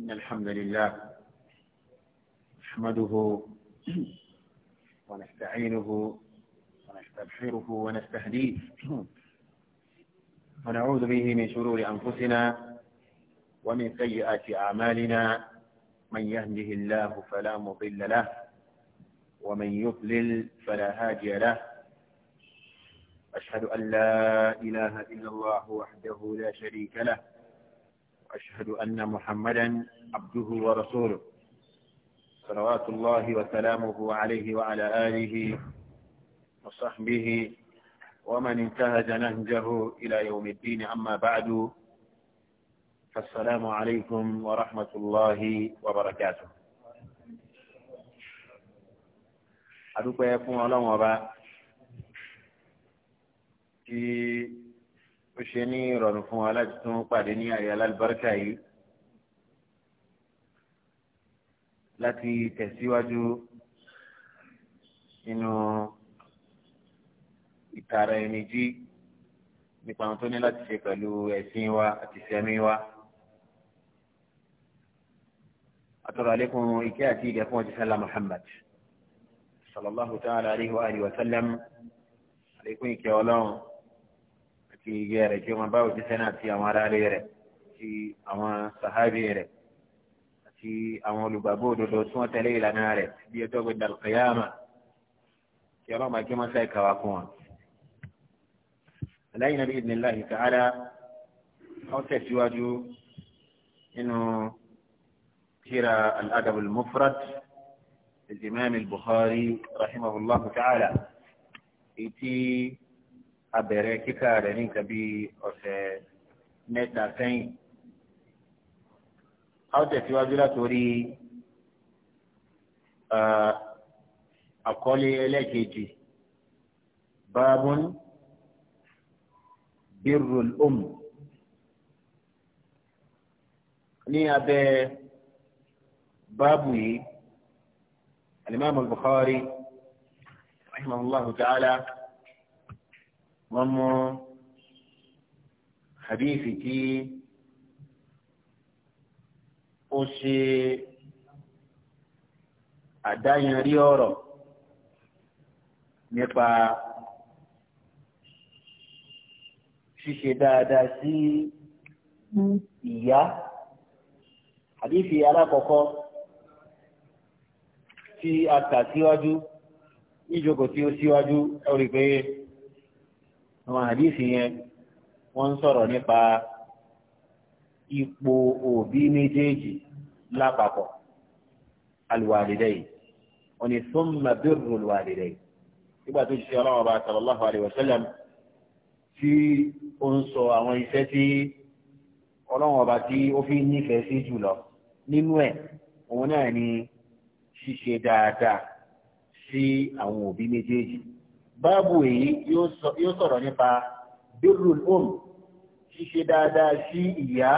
إن الحمد لله نحمده ونستعينه ونستبشره ونستهديه ونعوذ به من شرور أنفسنا ومن سيئات أعمالنا من يهده الله فلا مضل له ومن يضلل فلا هادي له أشهد أن لا إله إلا الله وحده لا شريك له وأشهد أن محمدا عبده ورسوله صلوات الله وسلامه عليه وعلى آله وصحبه ومن انتهج نهجه إلى يوم الدين أما بعد فالسلام عليكم ورحمة الله وبركاته أدوك fún ọlọ́run ọba tí ó ṣe ní ìrọ̀rùn fún wa láti tún pàdé ní àyè alálùbáríkà yìí láti tẹ̀síwájú nínú ìtara ẹni jí nípa àwọn tó ní láti ṣe pẹ̀lú ẹ̀sìn wa àti ìṣẹ̀mí wa. atọ́rọ alẹ́kùn ìkẹ́ àti ìdẹ́ fún ọjọ́ sálà Muhammad sallallahu ta'ala alayhi wa alihi wa ti gere ke ma bawo ti sena ti amara lere ti àwọn sahabi rẹ̀ ti àwọn olùgbàgbọ́ òdodo tí wọ́n tẹ̀lé ìlànà rẹ̀ bí e to gbedal qiyama ki ro ma ke ma sai kawa kun wa alayhi nabi idnillah ta'ala aw tẹ̀síwájú inú tírà al-adab al-mufrad الإمام البخاري رحمه الله تعالى إتي abẹ̀rẹ̀ kíkà rẹ̀ ní nǹkan bí ọ̀sẹ̀ mẹ́ta sẹ́yìn. a ó tẹ̀síwájú látòrí akoli ẹlẹ́ẹ̀kejì bábún birrul um ní abẹ́ báàbù yìí alimami Bukhari rahimahullahu ta'ala. wọ́n mú hadithi tí ó ṣe àdáyanrí ọ̀rọ̀ nípa ṣíṣe dáadáa sí hmm. ìyá hadithi alákọ̀ọ́kọ́ tí a kà síwájú níjókòó tí ó síwájú ẹ rí i pé àwọn àdìsí yẹn wọ́n ń sọ̀rọ̀ nípa ipò òbí méjèèjì lápapọ̀ alwalidayi wọ́n ní summa birru alwalidayi nígbà tó ṣiṣẹ́ ọlọ́wọ́ bá sallallahu alayhi wa sallam tí ó ń sọ àwọn iṣẹ́ tí ọlọ́wọ́ bá tí ó fi nífẹ̀ẹ́ sí jùlọ nínú ẹ̀ òun náà ni ṣíṣe dáadáa sí àwọn òbí méjèèjì. báàbù èyí yóò sọ̀rọ̀ nípa birrul um ṣíṣe dáadáa sí ìyá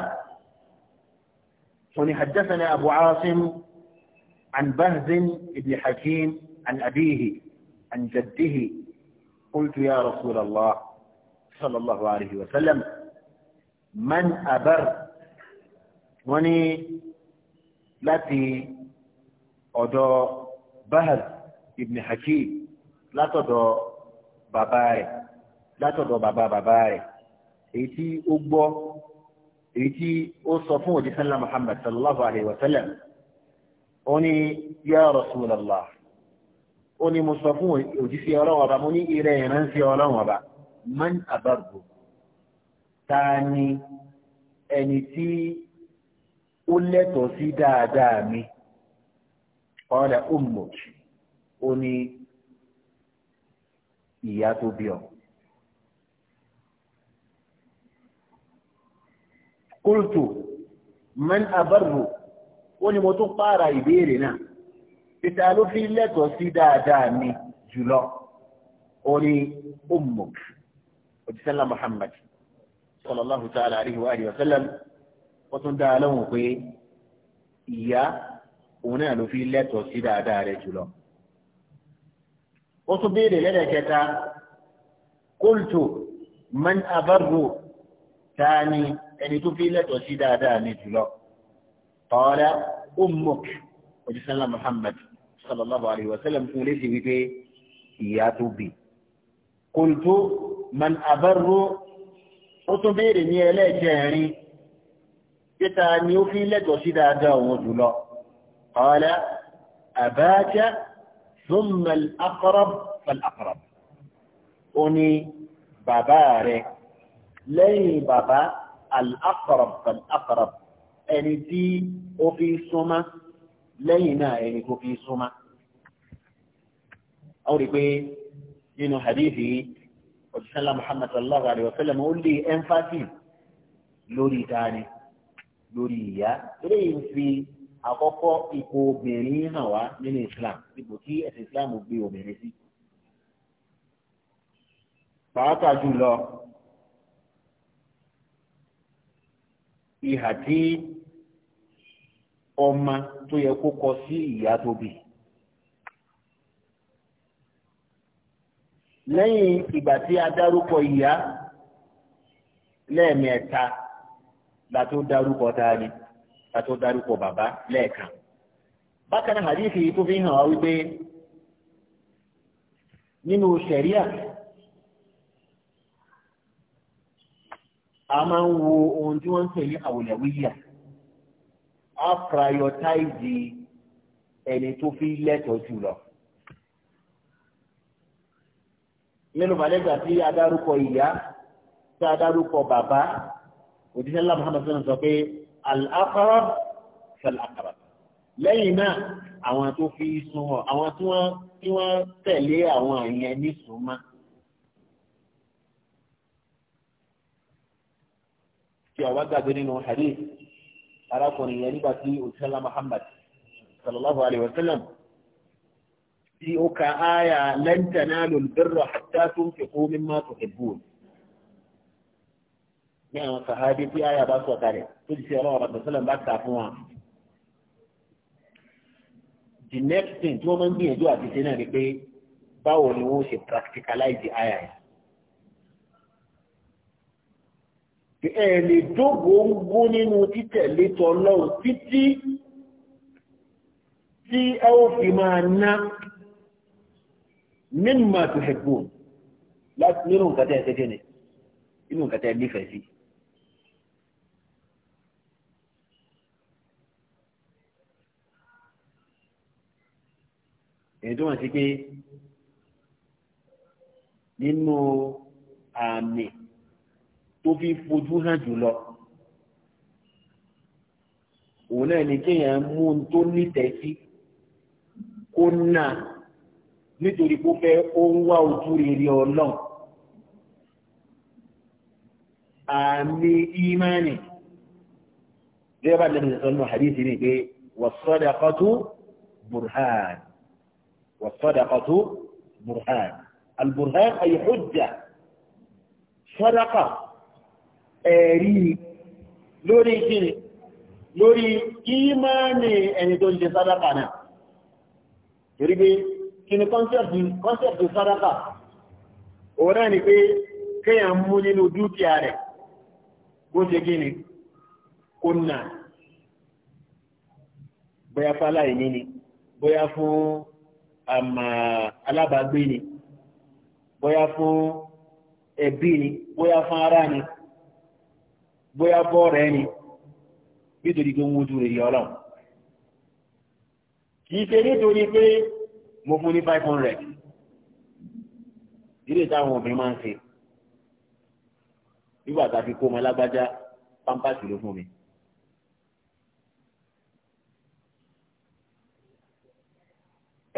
wọn ni hajjasana abu asim an bahzin ibn hakim an abihi an jaddihi qultu ya rasulallah sallallahu alaihi wa sallam man abar wọn ni láti ọ̀dọ̀ bahz ibn hakim látọ̀dọ̀ bàbá rẹ̀ látọ̀dọ̀ bàbá bàbá rẹ̀ èyí tí ó gbọ́ èyí tí ó sọ fún òjíṣẹ́ ńlá Muhammad sallallahu alayhi wa sallam ó ní yá Rasulullah ó ní mo sọ fún òjíṣẹ́ ọlọ́wọ́ ọba mo ní ìrẹ́ ìránṣẹ́ ọlọ́wọ́ ọba man abarbu ta ni ẹni tí ó lẹ́tọ̀ọ́ sí dáadáa mi ọ̀rẹ́ ummuk ó ní ìyá tó bí ọ. kóòtù man abarru ó ní mo tún pààrà ìbéèrè náà títa ló fi lẹ́tọ̀ọ́ sí dáadáa mi jùlọ ó ní ummuk òjísẹ́lá muhammad sallallahu ta'ala alaihi wa alihi ó tún dá a pé ìyá òun náà ló fi lẹ́tọ̀ọ́ sí dáadáa rẹ̀ jùlọ ó tún béèrè lẹ́dẹ̀ kẹta kóòtù man abarro ta ni ẹni tó fi lẹ́tọ̀ sí dáadáa ní jùlọ ọ̀rẹ́ ummuk ojúsánlá muhammad sallallahu alaihi wasallam fún lè ti wípé ìyá tó bì kóòtù man abarro ó tún béèrè ní ẹlẹ́ẹ̀kẹrin títa ni ó fi lẹ́tọ̀ sí dáadáa òun jùlọ ọ̀rẹ́ àbájá ثم الأقرب فالأقرب أني باباري لي بابا الأقرب فالأقرب أني تي أفي سما لينا أني أفي سما أو ربي ينو حديثي وصلى محمد صلى الله عليه وسلم قول لي أنفاتي لوري تاني لوري يا إليه في àkọ́kọ́ ipò obìnrin hàn wá nínú Islam ipò tí ẹ̀sìn Islam gbé obìnrin sí. pàápàá jùlọ ìhà tí ọmọ tó yẹ kó kọ sí ìyá tó bí. lẹ́yìn ìgbà tí a dárúkọ ìyá lẹ́ẹ̀mẹ́ta la tó dárúkọ ta ni kátó dárúkọ bàbá lẹ́ẹ̀kan bákan náà hadithi tó fi hàn wá wípé nínú sẹ̀ríà a máa ń wo ohun tí wọ́n ń pè ní àwòlẹ̀wíyà a prioritize ẹni tó fi lẹ́tọ̀ọ́ jùlọ. nínú balẹ̀gbà tí adárúkọ ìyá tí adárúkọ bàbá òdíṣẹ́ ńlá Muhammad sọ pé الأقرب فالأقرب lẹ́yìn náà àwọn tó fi súnmọ́ àwọn tí wọ́n tí wọ́n tẹ̀lé àwọn àyẹn ní súnmọ́. tí ọba gbàgbé nínú hadith arákùnrin yẹn nígbà tí òṣèlú Muhammad sallallahu alayhi wa sallam tí ó ka áyà lan tanalul birra hatta tunfiqu mimma tuhibbun. ní àwọn sàhábí tí àyà bá sọ̀ kalẹ̀ tó ti ṣe ọlọ́wọ́ bàtà sọ́lẹ̀ bá kà fún wa. the next thing tí wọ́n máa ń gbìyànjú àti ṣe náà ni pé báwo ni wọ́n ṣe practicalize àyà yẹn. ẹ lè dógóńgó nínú títẹ̀lé tọ́lọ́run títí tí ẹ ó fi máa ná mímọ̀ tó ṣẹ̀gbọ́n nínú nǹkan tẹ́ ẹ ṣe kí ni nínú nǹkan tẹ́ ẹ nífẹ̀ẹ́ sí. èyí tó wọ́n ti pé nínú àmì tó fi fojú hàn jùlọ òun náà ni kéèyàn mú un tó nítẹ̀ẹ́ sí kó nà nítorí kó fẹ́ ó ń wá ojú rere ọlọ́run àmì ìmánì bí wọ́n bá lẹ́nu sọ́nù hadithi ni pé wàsọ́dà kọ́tù burhan. والصدقة برهان البرهان أي حجة صدقة أري لوري كيري lórí ìmáàni ẹni tó ń ṣe sádàkà náà torí pé kí ni kọ́nsẹ̀pù sádàkà òun náà ni pé kéèyàn mú nínú dúkìá rẹ̀ bó ṣe kí ni kó nà bóyá fáláì ní ni bóyá fún àmà alábàágbé ni bóyá fún ẹbí ni bóyá fún ará ni bóyá bọ́ọ̀rẹ́ ni nítorí pé ń wojú rẹ̀ yọ ọlọ́run kìí ṣe nítorí pé mo fún ní five hundred ìdílé táwọn obìnrin máa ń ṣe nígbà tá a fi kó ọmọ alágbájá pampasì ló fún mi.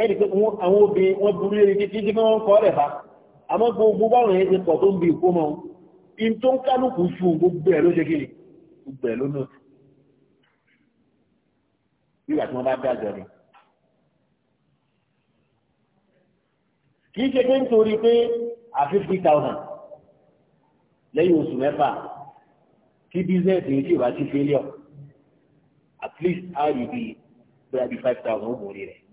ẹni pé àwọn obìnrin wọ́n burú lérí títí tí wọ́n kọ́ rẹ̀ bá àmọ́ gbogbo báwọn yẹn ti pọ̀ tó ń bi ìkó mọ́ in tó ń kálukú fún gbogbo ẹ̀ ló ṣe kiri gbogbo ẹ̀ ló nù nígbà tí wọ́n bá dájọ́ ni. kì í ṣe pé nítorí pé a fifty thousand lẹ́yìn oṣù mẹ́fà kí bísíǹsì yìí ṣì ti failure at least a rí bí bóyá bí five thousand ó borí rẹ̀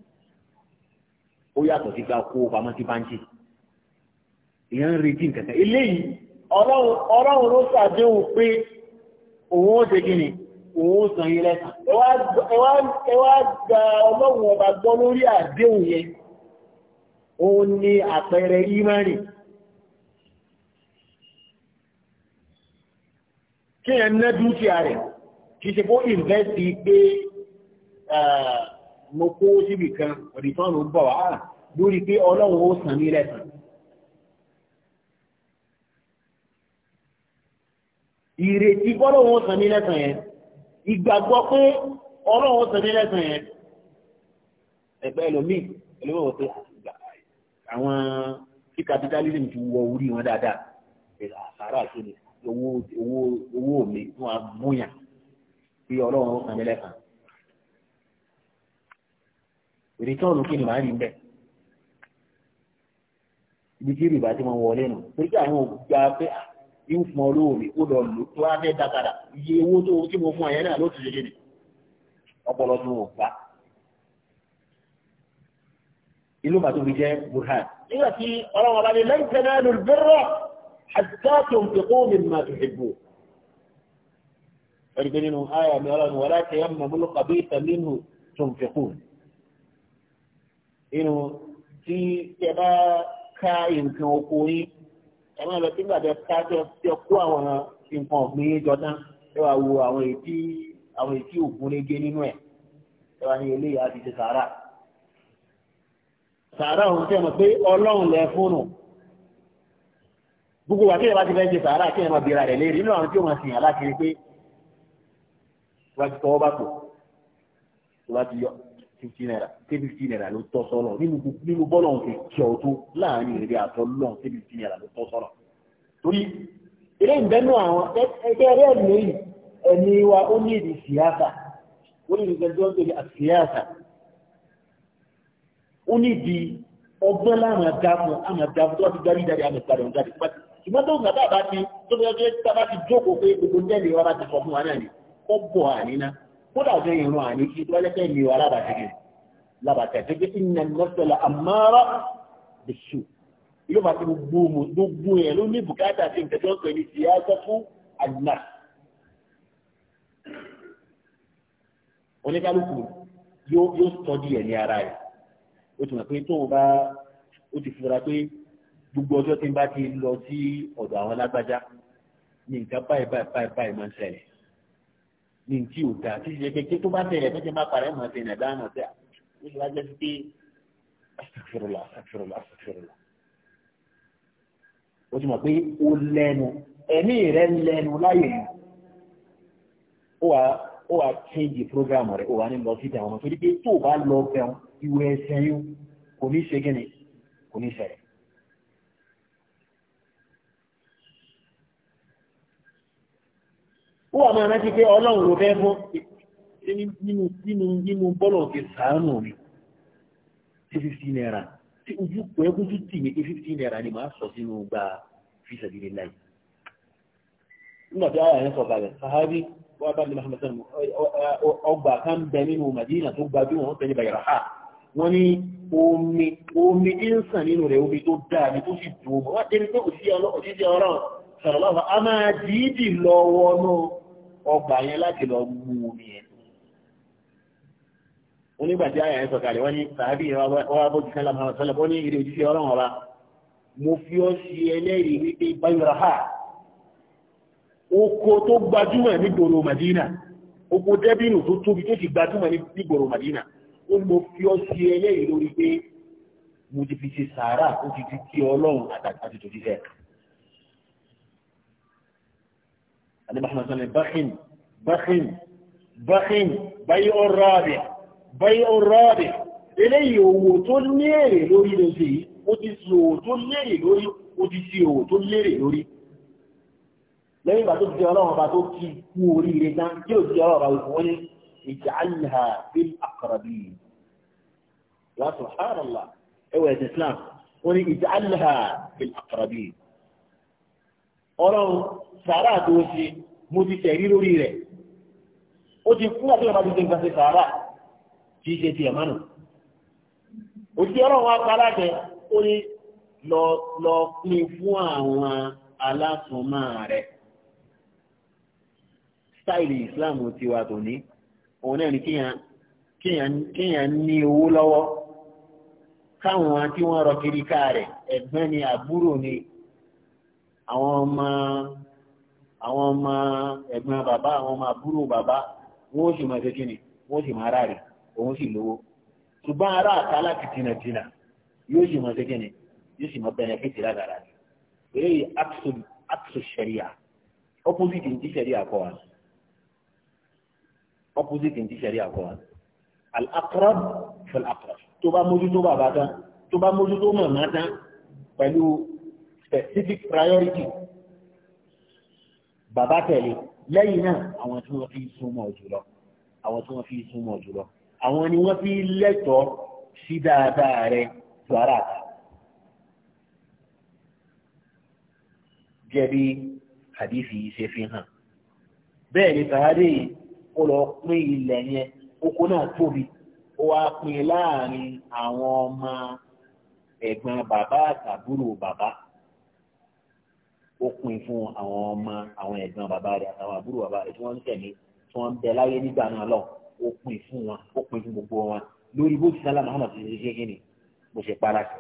ó yàtọ̀ sí ká kó pamọ́ sí báńkì èèyàn ń retí nǹkan kan eléyìí ọlọ́run ló ṣàdéhùn pé òun ó ṣe kí ni òun ó san yín lẹ́sàn ẹ wá gba ọlọ́run ọba gbọ́ lórí àdéhùn yẹn òun ni àpẹẹrẹ ìmánì kí ẹ ná dúkìá rẹ̀ kì ṣe kó invest pé mo kó síbì kan rìtọ́nù bọ̀ wá ah, lórí pé ọlọ́run ó sàn ní lẹ́sàn ìrètí bọ́lọ́run ó sàn ní lẹ́sàn yẹn ìgbàgbọ́ pé ọlọ́run ó sàn ní lẹ́sàn yẹn ẹgbẹ́ ẹlòmíì ẹlòmíì wọ́n pé àwọn tí capitalism ti wọ orí wọn dáadáa àṣàrà àti owó mi fún abúyàn pé ọlọ́run ó sàn ní lẹ́sàn rìtọ́ọ̀nù kí ni màá rí bẹ́ẹ̀ ibi tí rìbá ti máa wọlé nù torí pé àwọn ògbà pé ah, yóò fún ọ lóore ó lọ lò tó wá fẹ́ dákadà iye owó tó tí mo fún ẹ̀yẹ́ náà ló ti ṣe ṣe nì ọpọlọ tó wò pa ìlú bàtò fi jẹ́ burhan nígbà tí ọlọ́wọ́n bá ní lẹ́yìn tẹ́lẹ̀ lórí bẹ́rẹ̀ àtúntà tó ń fi kóòmì máa tó ṣègbò ẹ̀rí pé nínú ayà mi ọlọ́run wọlé àti ẹ̀mọ̀ múlùkàbí inú tí ẹ bá ká nǹkan oko yín ẹ máa lọ sí gbàdẹ ká tí ọ kó àwọn nǹkan ọ̀gbìn yín jọ náà ẹ wá wo àwọn ètí àwọn ètí ògúnrégé nínú ẹ ẹ wá ní eléyìí á ti ṣe sàárà sàárà òun tẹ́ mọ̀ pé ọlọ́run lẹ fóònù gbogbo wa kéèyàn bá ti fẹ́ ṣe sàárà kéèyàn máa bèèrè rẹ̀ léèrè nínú àwọn tí ó máa sìn aláàkiri pé wọ́n ti tọwọ́ bá tó tó bá ti yọ fifty naira ṣé fifty naira ló tọ́ sọ́nà nínú bọ́ọ̀lù ọ̀hún ṣe kí ọ tó láàrin èrè àtọ́ lọ́hún ṣé fifty naira ló tọ́ sọ́nà. torí eré ìbẹ́nu àwọn ẹgbẹ́ ẹ̀rẹ́ ẹ̀mí ẹ̀mí wa ó ní èdè síyáṣà ó ní ìgbẹ́ tó ń tẹ̀lé àṣíyáṣà ó ní ìdí ọgbọ́n láwọn àdáfọ́ àwọn àdáfọ́ tó bá ti darí darí àmì ìpàdé ọ̀gá ti pàtó ṣùgbọ́n tó ń gbà bá ti tó bá ti jókòó pé gbogbo ń tẹ̀lé wa bá ti sọ fún wa náà ni kódà jẹ́ ìrún àní kí tó lẹ́sẹ̀ mi wà lábàtẹ́gẹ̀ lábàtẹ́gẹ̀ tí nà lọ́sọ̀lá àmárá lè ṣù ìlú bá ti gbogbo gbogbo ẹ̀ ló ní bùkátà sí nǹkan tó ń pè ní síyáṣẹ́ fún àdínà oníkálukú yóò yóò tọ́jú ẹ̀ ní ara rẹ̀ ó ti mọ̀ pé tó o bá ó ti fura pé gbogbo ọjọ́ tí n bá ti lọ sí ọ̀dọ̀ àwọn lágbájá ní nǹkan báyìí báyìí báyìí máa ń ṣẹlẹ̀ ní ti ò dáa tí ṣe pé kí tó bá bẹ̀rẹ̀ fẹ́ẹ́ má parẹ́ mọ̀ sí ẹ̀ dáná sí à ní ìlú ajẹ́ sí pé asàfihàn asàfihàn asàfihàn o ti mọ̀ pé o lẹ́nu ẹ̀mí rẹ̀ lẹ́nu láyè yìí ó wà ó wà change program rẹ̀ ó wà ní lọ sí ìdáwọn torí pé tó o bá lọ bẹ̀rù ìwé ẹsẹ̀ yìí kò ní ṣe gẹ́ni kò ní ṣẹlẹ̀. wọ́n máa rántí pé ọlọ́run ló fẹ́ fún nínú nínú nínú bọ́lọ̀ ti sàánù mi tí fífí náírà tí ojú kò ẹkún tó tì mí pé fífí náírà ni màá sọ sínú gba fíṣàdínlẹ láì nígbà tí àwọn àyẹ̀sọ̀ balẹ̀ sahabi wọ́n bá ní mahamad sanu ọgbà kan bẹ nínú madina tó gbajúmọ̀ wọ́n tẹ̀lé bayra ha wọ́n ní omi omi tí ń sàn nínú rẹ̀ omi tó dáa ni tó sì dùn mọ́ wọ́n tẹ̀lé pé òṣìṣẹ́ ọlọ́run sọ̀rọ̀ lọ́wọ́ a máa dìídì lọ́wọ́ náà ọgbà yẹn láti lọ mú omi yẹn onígbàtí àyà ẹ̀ sọ̀kalẹ̀ wọ́n ní sàábì ọba bó ti sẹ́lá mọ́ra sọ́lá ó ní ìrè òjíṣẹ́ ọlọ́run ọba mo fi ọ́ sí ẹlẹ́rìí wípé báyọ̀rọ̀ ha oko tó gbajúmọ̀ nígboro Madina oko dẹ́bìnù tó tóbi tó ti gbajúmọ̀ nígboro Madina ó ní mo fi ọ́ sí ẹlẹ́rìí lórí pé mo ti fi ṣe sàárà ó ti ti kí ọlọ́run àtàtà ti tòjíṣẹ́ النبي محمد صلى الله عليه وسلم بخن بخن بخن بيع الرابع بيع الرابع eléyìí owó tó lérè lórí ló sí ó ti sí owó tó lérè lórí ó ti sí owó tó lérè lórí lẹ́yìn ìgbà tó ti ọlọ́run ọba tó kí kú oríire tán tí ò ti ọlọ́run ọba wípé wọ́n ní ij'alha bil aqrabin ya subhanallah ẹwẹ̀ ẹ̀sìn Islam wọ́n ní ij'alha bil aqrabin ọlọ́run sàárà tó ṣe mo ti tẹ̀rí lórí rẹ̀ ó ti fún àti ọba tuntun kan ṣe sàárà tí í ṣe tiẹ̀ mánu òtí ọlọ́run wa pa aláṣẹ ó ní lọ lọ pín fún àwọn alásùnmọ́ rẹ̀ stáìlì Islam tiwa tò ní òun náà ní kíyàn kíyàn ní owó lọ́wọ́ káwọn tí wọ́n rọ kiri ká rẹ̀ ẹ̀gbọ́n ni àbúrò ni àwọn ọmọ àwọn ọmọ ẹ̀gbọ́n bàbá àwọn ọmọ àbúrò bàbá wọ́n ó sì máa ṣe kí ni wọ́n sì máa ráre òun sì lówó ṣùgbọ́n ará àta láti tìnàtìnà yóò sì máa ṣe kí ni yóò sì máa bẹnẹfìtì ládàrá ni eléyìí axo sẹríà opposite ní ti sẹríà kọ wa opposite ní ti sẹríà kọ wa al-aqrab fal-aqrab tó bá mójútó bàbá tán tó bá mójútó màmá tán pẹ̀lú specific priority bàbá tẹ̀lé lẹ́yìn náà àwọn tí wọ́n fi súnmọ́ jùlọ àwọn tí wọ́n fi súnmọ́ jùlọ àwọn ni wọ́n fi lẹ́tọ̀ọ́ sí dáadáa rẹ tó ara àtà. jẹ́bi hadithi ṣe fi hàn bẹ́ẹ̀ ni sàárè ó lọ pín ilẹ̀ yẹn oko náà tóbi ó wá pín láàrin àwọn ọmọ ẹ̀gbọ́n bàbá àtàbúrò bàbá. ó pin fún àwọn ọmọ àwọn ẹ̀gbọ́n bàbá rẹ̀ àtàwọn àbúrò bàbá rẹ̀ tí wọ́n ń tẹ̀lé tí wọ́n ń bẹ láyé nígbà náà lọ ó pin fún wọn ó pin fún gbogbo wọn lórí bó ti sálà Muhammad ti ṣe kí ni mo ṣe para sí.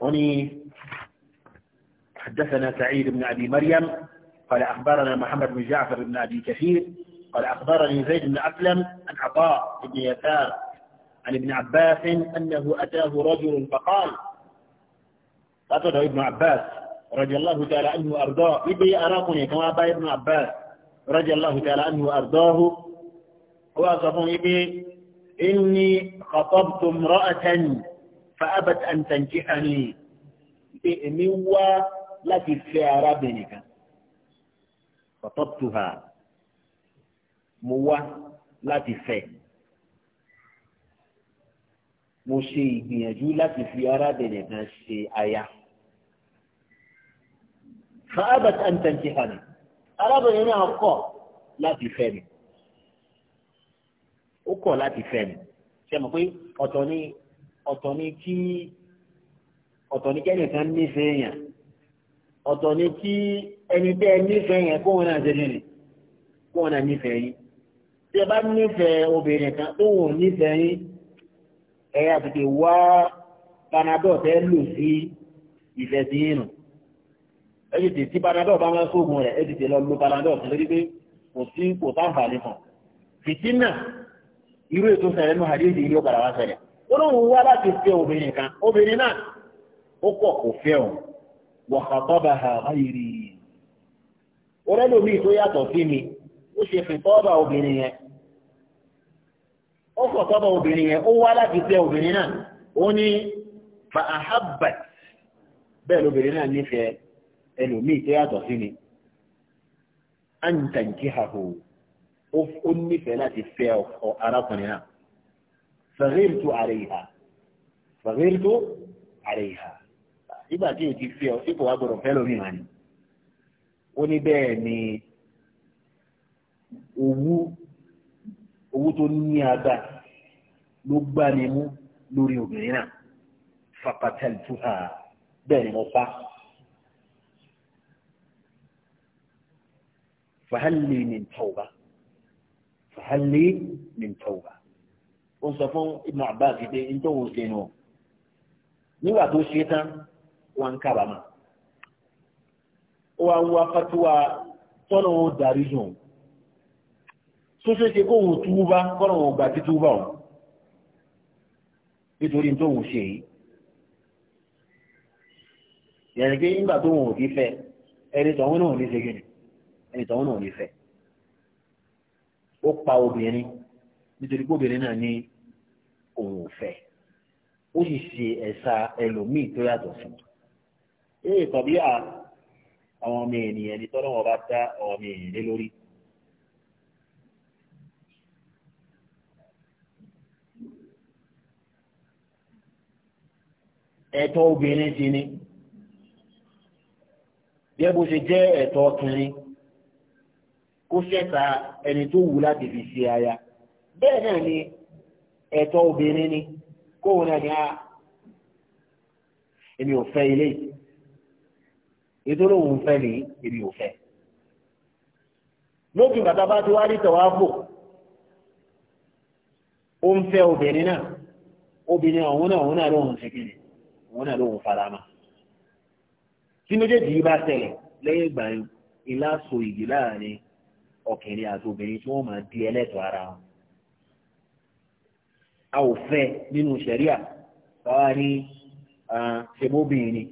wọ́n ní حدثنا سعيد بن أبي مريم قال أخبرنا محمد بن جعفر بن أبي كثير قال أخبرني زيد بن أسلم عن عطاء بن يسار عن ابن عباس أنه أتاه رجل فقال أتاه ابن عباس رضي الله تعالى عنه وأرضاه إبي أراقني كما أبا ابن عباس رضي الله تعالى عنه وأرضاه وأصفون إبي إني خطبت امرأة فأبت أن تنكحني إبي هو التي في عربنك خطبتها مو التي فيه mo ṣe ìgbìyànjú láti fi arábìnrin kan ṣe aya. fàábàt àǹtàǹtì hàní arábìnrin náà kọ̀ láti fẹ́ mi ó kọ̀ láti fẹ́ mi ṣe mọ̀ pé ọ̀tọ̀ ni ọ̀tọ̀ ni kí ọ̀tọ̀ ni kẹ́nìkan nífẹ̀ẹ́ yẹn ọ̀tọ̀ ni kí ẹni bẹ́ẹ̀ nífẹ̀ẹ́ yẹn kóun náà ṣe nìyẹn kóun náà nífẹ̀ẹ́ yín tí bá nífẹ̀ẹ́ obìnrin kan tó nífẹ̀ẹ́ yín ẹ àtìkè wá panadol tẹ́ lò sí ìfẹ̀sí ìrùn ẹ tètè tí panadol bá wọn sóògùn rẹ̀ ẹ tètè lọ lo panadol tó lórí pé kò sí kò sáǹfààní kan fìtínà irú ètò ṣẹlẹ̀ nù àdéhùn ilé ọ̀padà wá ṣẹlẹ̀ ó lóun wá láti fẹ́ obìnrin kan obìnrin náà ó pọ̀ kò fẹ́ òun wàhàbọ́bà àbáyìrì ọ̀rẹ́lòmíì tó yàtọ̀ sí mi ó ṣe fìtọ́ọ̀bà obìnrin yẹn ó kọ̀ sọ́dọ̀ obìnrin yẹn ó wá láti fẹ́ obìnrin náà ó ní fa'ahabbat bẹ́ẹ̀ lóbìnrin náà nífẹ̀ẹ́ ẹlòmíì tó yàtọ̀ sí ni antankihahu ó nífẹ̀ẹ́ láti fẹ́ arákùnrin náà fẹ̀rẹ́ẹ̀tù àríyá fẹ̀rẹ́ẹ̀tù àríyá nígbà tí o ti fẹ́ ọ sípò wá gbọdọ̀ fẹ́ lómi wani ó ní bẹ́ẹ̀ ni owú owó tó ní àgbà ló gbá ni mú lórí obìnrin náà fapatẹ́lì tó hà bẹ́ẹ̀ ni mo pa. fàhálì ní ntọ́wà fàhálì ní ntọ́wà ó sọ fún ibùdó àbá àfidé ntọ́wò ṣe nù nígbà tó ṣe tán wọn ń kábàámà ó wá ń wá fatuwa tọ́nà ó darí jùlọ tó ṣe ṣe kó wò túbá kọ́nà wọn gbà tí túbá o nítorí tó wò ṣe yìí yẹ̀rẹ̀ pé nígbà tó wọn ò ní fẹ́ ẹni tọ̀hún náà ní ṣegin ẹni tọ̀hún náà ní fẹ́ ó pa obìnrin nítorí pé obìnrin náà ní òun ò fẹ́ ó sì ṣe ẹ̀sà ẹlòmíì tó yàtọ̀ sí i. ee tọ́bí àwọn ọmọ ènìyàn ni tọ́lọ́wọ́ bá dá ọmọ ènìyàn lé lórí. ẹ̀tọ́ obìnrin ti ní bí ẹ bó ṣe jẹ́ ẹ̀tọ́ ọkùnrin kó ṣẹ̀ta ẹni tó wù láti fi ṣe aya bẹ́ẹ̀ náà ni ẹ̀tọ́ obìnrin ni kóhun náà ni a ah, èmi ò fẹ́ ilé ètò olóhùn fẹ́ ni èmi ò fẹ́ lókè bàtà bá ti wá rí tẹ̀wá bò ó ń fẹ́ obìnrin náà obìnrin ọ̀hún náà ọ̀hún náà ló ń ṣe kiri òun náà lóun fara mọ́ tí méjèèjì yìí bá ṣẹlẹ̀ lẹ́yìn ìgbà ilá so ìdí láàrin ọkùnrin àti obìnrin tí wọ́n máa di ẹlẹ́tọ̀ ara wọn a ò fẹ́ nínú ṣẹ̀ríà káwá ní ni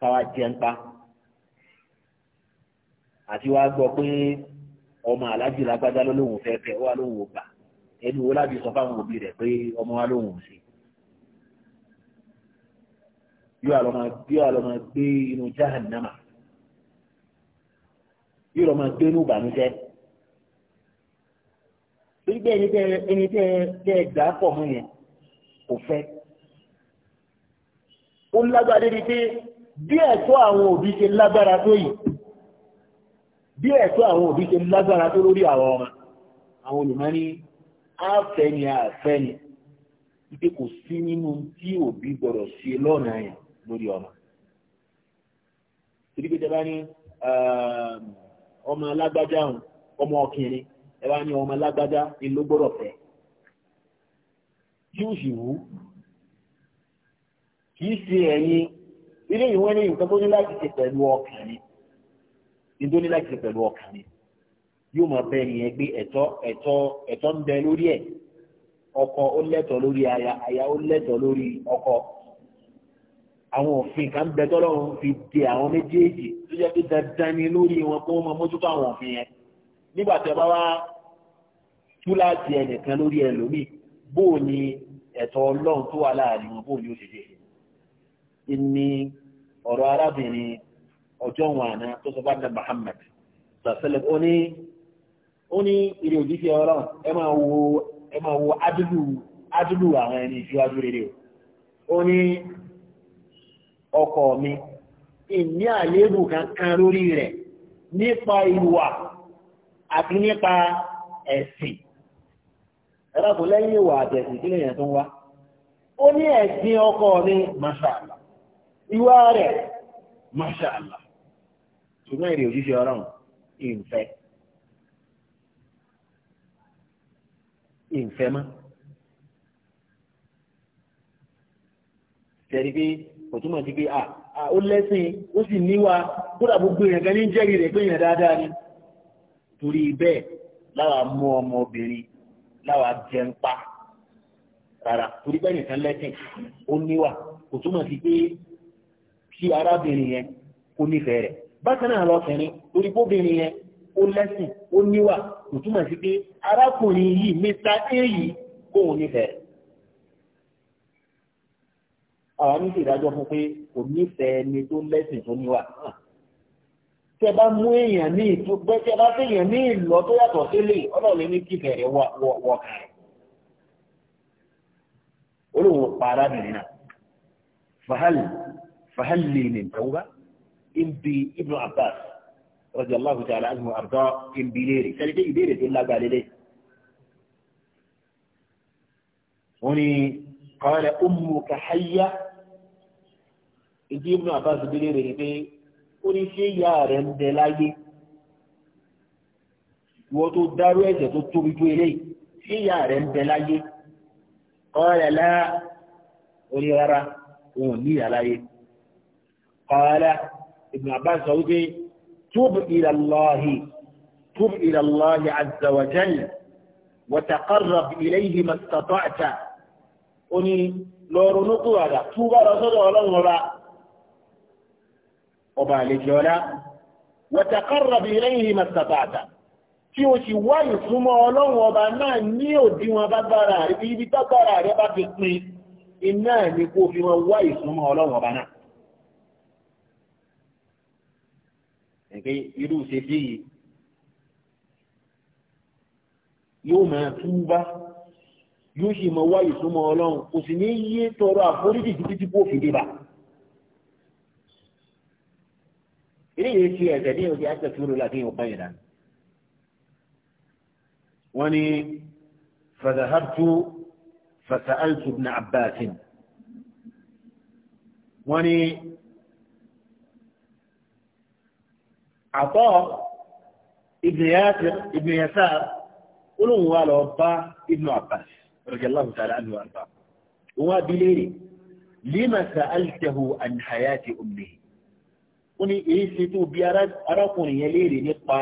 káwá jẹun pa àti wàá gbọ́ pé ọmọ alájì lágbájá ló lóun fẹ́ fẹ́ wá lóun ò gbà ẹnu wo láti sọ fáwọn òbí rẹ̀ pé ọmọ wa lóun ò sí yóò àlọ́ máa gbé inú jahannama yóò lọ́ máa gbé inú ìbànújẹ́ torí pé ẹni tẹ́ ẹni tẹ́ tẹ́ gbà pọ̀ mọ́ yẹn kò fẹ́ ó lágbára débi pé bí ẹ̀tọ́ àwọn òbí ṣe lágbára tó yìí bí ẹ̀tọ́ àwọn òbí ṣe lágbára tó lórí àwọn ọmọ àwọn olùmọ́ni àfẹ́ni àfẹ́ni ipe kò sí nínú tí òbí gbọ́dọ̀ ṣe lọ́nà yẹn lórí ọmọ tìrìbí tẹ bá ní ehm, ọmọ alágbájá ọmọ ọkùnrin ẹ bá ní ọmọ alágbájá ìlú gbọ́dọ̀ tí ó sì wú ṣe ilé ìwé ní nǹkan tó pẹ̀lú ní tó ní láti ṣe pẹ̀lú yóò máa bẹ gbé ẹ̀tọ́ ẹ̀tọ́ ẹ̀tọ́ ń bẹ lórí ẹ̀ ọkọ ó lẹ́tọ̀ọ́ lórí àwọn òfin kan bẹ tọ́lọ́run fi de àwọn méjèèjì tó jẹ́ pé dandan ni lórí wọn kó wọn mójútó àwọn òfin yẹn nígbà tí a bá wá túláàsì ẹnìkan lórí ẹlòmíì bó o ní ẹ̀tọ́ ọlọ́run tó wà láàrin wọn bó o ní ó ṣe ṣe ṣe ní ọ̀rọ̀ arábìnrin ọjọ́ wọn àná tó sọ bá dá Muhammad sàṣẹlẹ̀ ó ní ó ní ìrè òjíṣẹ́ ọlọ́run ẹ máa wo ẹ máa wo adúlù adúlù àwọn ẹni ìṣíwájú rere o ó ní. ọkọ mi ìní àléébù kankan lórí rẹ̀ nípa ìwà àti nípa ẹ̀sìn ẹ̀rọ̀kùn lẹ́yìn ìwà àtẹ̀sìn kí tó wá ó ní ẹ̀sìn ọkọ mi mashallah ìwà rẹ̀ mashallah ṣùgbọ́n èrè òjíṣẹ́ ọlọ́run ìfẹ́ ìfẹ́ mọ́ kò túmọ̀ sí pé ó lẹ́sìn ó sì níwà kódà gbogbo èèyàn kan ní jẹ́rìí rẹ̀ pé èèyàn dáadáa ni torí bẹ́ẹ̀ láwa mú ọmọbìnrin láwa jẹun pa rárá torí bẹ́ẹ̀ nìkan lẹ́sìn ó níwà kò túmọ̀ sí pé kí arábìnrin yẹn kó nífẹ̀ẹ́ rẹ̀ bákan náà lọ́kùnrin torí bóbìnrin yẹn ó lẹ́sìn ó níwà kò túmọ̀ sí pé arákùnrin yìí mr a yìí kóhun nífẹ̀ẹ́ àwọn ní ìdájọ́ fún pé kò nífẹ̀ẹ́ ẹni tó lẹ́sìn tó níwà tẹ bá mú èèyàn ní ìtúgbẹ́ tẹ bá téèyàn ní ìlọ tó yàtọ̀ sílé ọlọ́ọ̀lẹ́ ní kíkẹ́ rẹ̀ wọ kàrẹ̀ olóhùn para nìyẹn náà fàhálì fàhálì ní nǹkan ibi Ibn Abbas radiyallahu ta'ala anhu àbúrò ibi léèrè sẹ́ni ìbéèrè tó lágbàá lélẹ́yìí. wọ́n ní kọ́lẹ̀ ummuka hayya ìdí Ibn Abbas bílé rẹ̀ pé ó ní ṣé ìyá rẹ̀ ń bẹ láyé ìwọ tó dárú ẹ̀ṣẹ̀ tó tóbi tó eléyìí ṣé ìyá rẹ̀ ń bẹ láyé qala la orí rárá òun ní ìyá láyé qala Ibn Abbas sọ wípé tub ila Allahi tub ila Allahi azza wa ó ní lọ́rùn ní kúrò àdá túbọ̀ lọ sọ́dọ̀ ọlọ́run ọba ọba àlejò ọlá wọ̀tàkọ́rọ̀bì lẹ́yìn màsàbàtà tí o sì wá ìsúnmọ́ ọlọ́run ọba náà ní òdiwọ̀n bágbára rẹ̀ bí ibi tágbára rẹ̀ bá ti pin iná ní kó fi wọn wá ìsúnmọ́ ọlọ́run ọba náà ẹ̀kẹ́ irú ṣe sí yóò máa túbá yóò sì máa wá ìsúnmọ́ ọlọ́run kò sì ní yé tọrọ àforíjì títí tí fi dé eléyìí ṣe ẹ̀ṣẹ̀ ní òde àtẹ̀síwòrò láti ìwọ̀n yìí náà wọ́n ní fàdáhàtú fàtàltù ibn abbas wọ́n ní àtọ́ ibn yasir ibn yasar olóhùn wa lọ bá ibn abbas radiyallahu ta'ala anhu arba wọ́n wá bi léèrè lima sa'altahu an hayati ummihi ó ní èyí ṣe tó bí arákùnrin yẹn léèrè nípa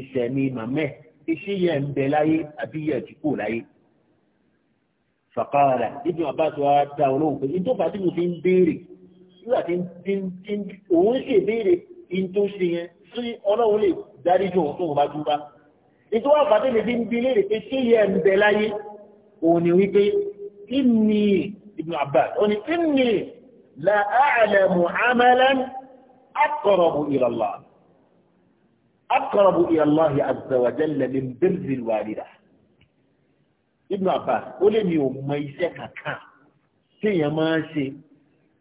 ìṣẹ̀mí màmẹ́ iṣẹ́ yẹn ń bẹ láyé àbí yẹn ti kò láyé. fàkàrà ibi bàbá tó wá dá olóhùn pé ní tó fà á tí mo fi ń béèrè nígbà tí òun ṣe béèrè ní tó ṣe yẹn sí ọlọ́run lè dárí jù òun tó wọn bá dúró nítorí wàá fàtí lè fi ń bi léèrè pé ṣé yẹ ń bẹ láyé òun ni wípé kí ni Ibn Abbas òun ni kí ni la a'lamu amalan aqrabu ila Allah aqrabu ila Allah azza wa jalla min birri al-walida Ibn Abbas ó lè mi ò mọ iṣẹ́ kankan tí èèyàn máa ń ṣe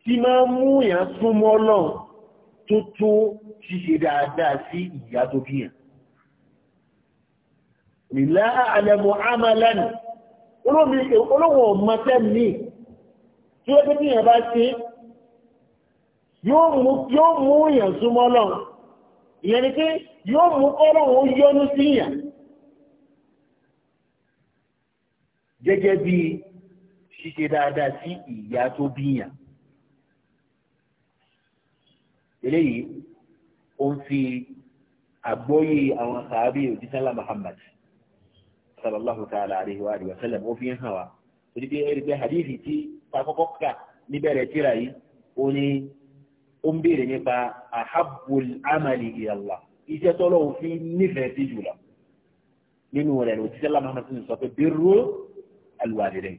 tí máa ń mú èèyàn súnmọ́ Ọlọ́run tó tó ṣíṣe dáadáa sí ìyá tó kíyàn la a'lamu amalan olóhùn ọmọ tẹ́mi tí ó pé tí èèyàn bá ṣe yóò mú èèyàn súnmọ́ lọ́run ìyẹn ni pé yóò mú ọlọ́run ó yọ́nú sí èèyàn gẹ́gẹ́ bí ṣíṣe dáadáa sí ìyá tó bíyàn eléyìí ó ń fi àgbọ́yé àwọn sàábì òjísánlá Muhammad sallallahu ta'ala alayhi wa alihi wa sallam ó fi ń hàn wá torí pé ẹ̀rí pé hadithi tí ta kọ́kọ́ kà níbẹ̀rẹ̀ tíra yìí ó ní ó ń béèrè nípa ahabbul amali ila Allah iṣẹ́ tọ́lọ́ òfin nífẹ̀ẹ́ sí jùlọ nínú rẹ̀ ló ti sẹ́lá Muhammad sínú sọ pé birru alwalidain.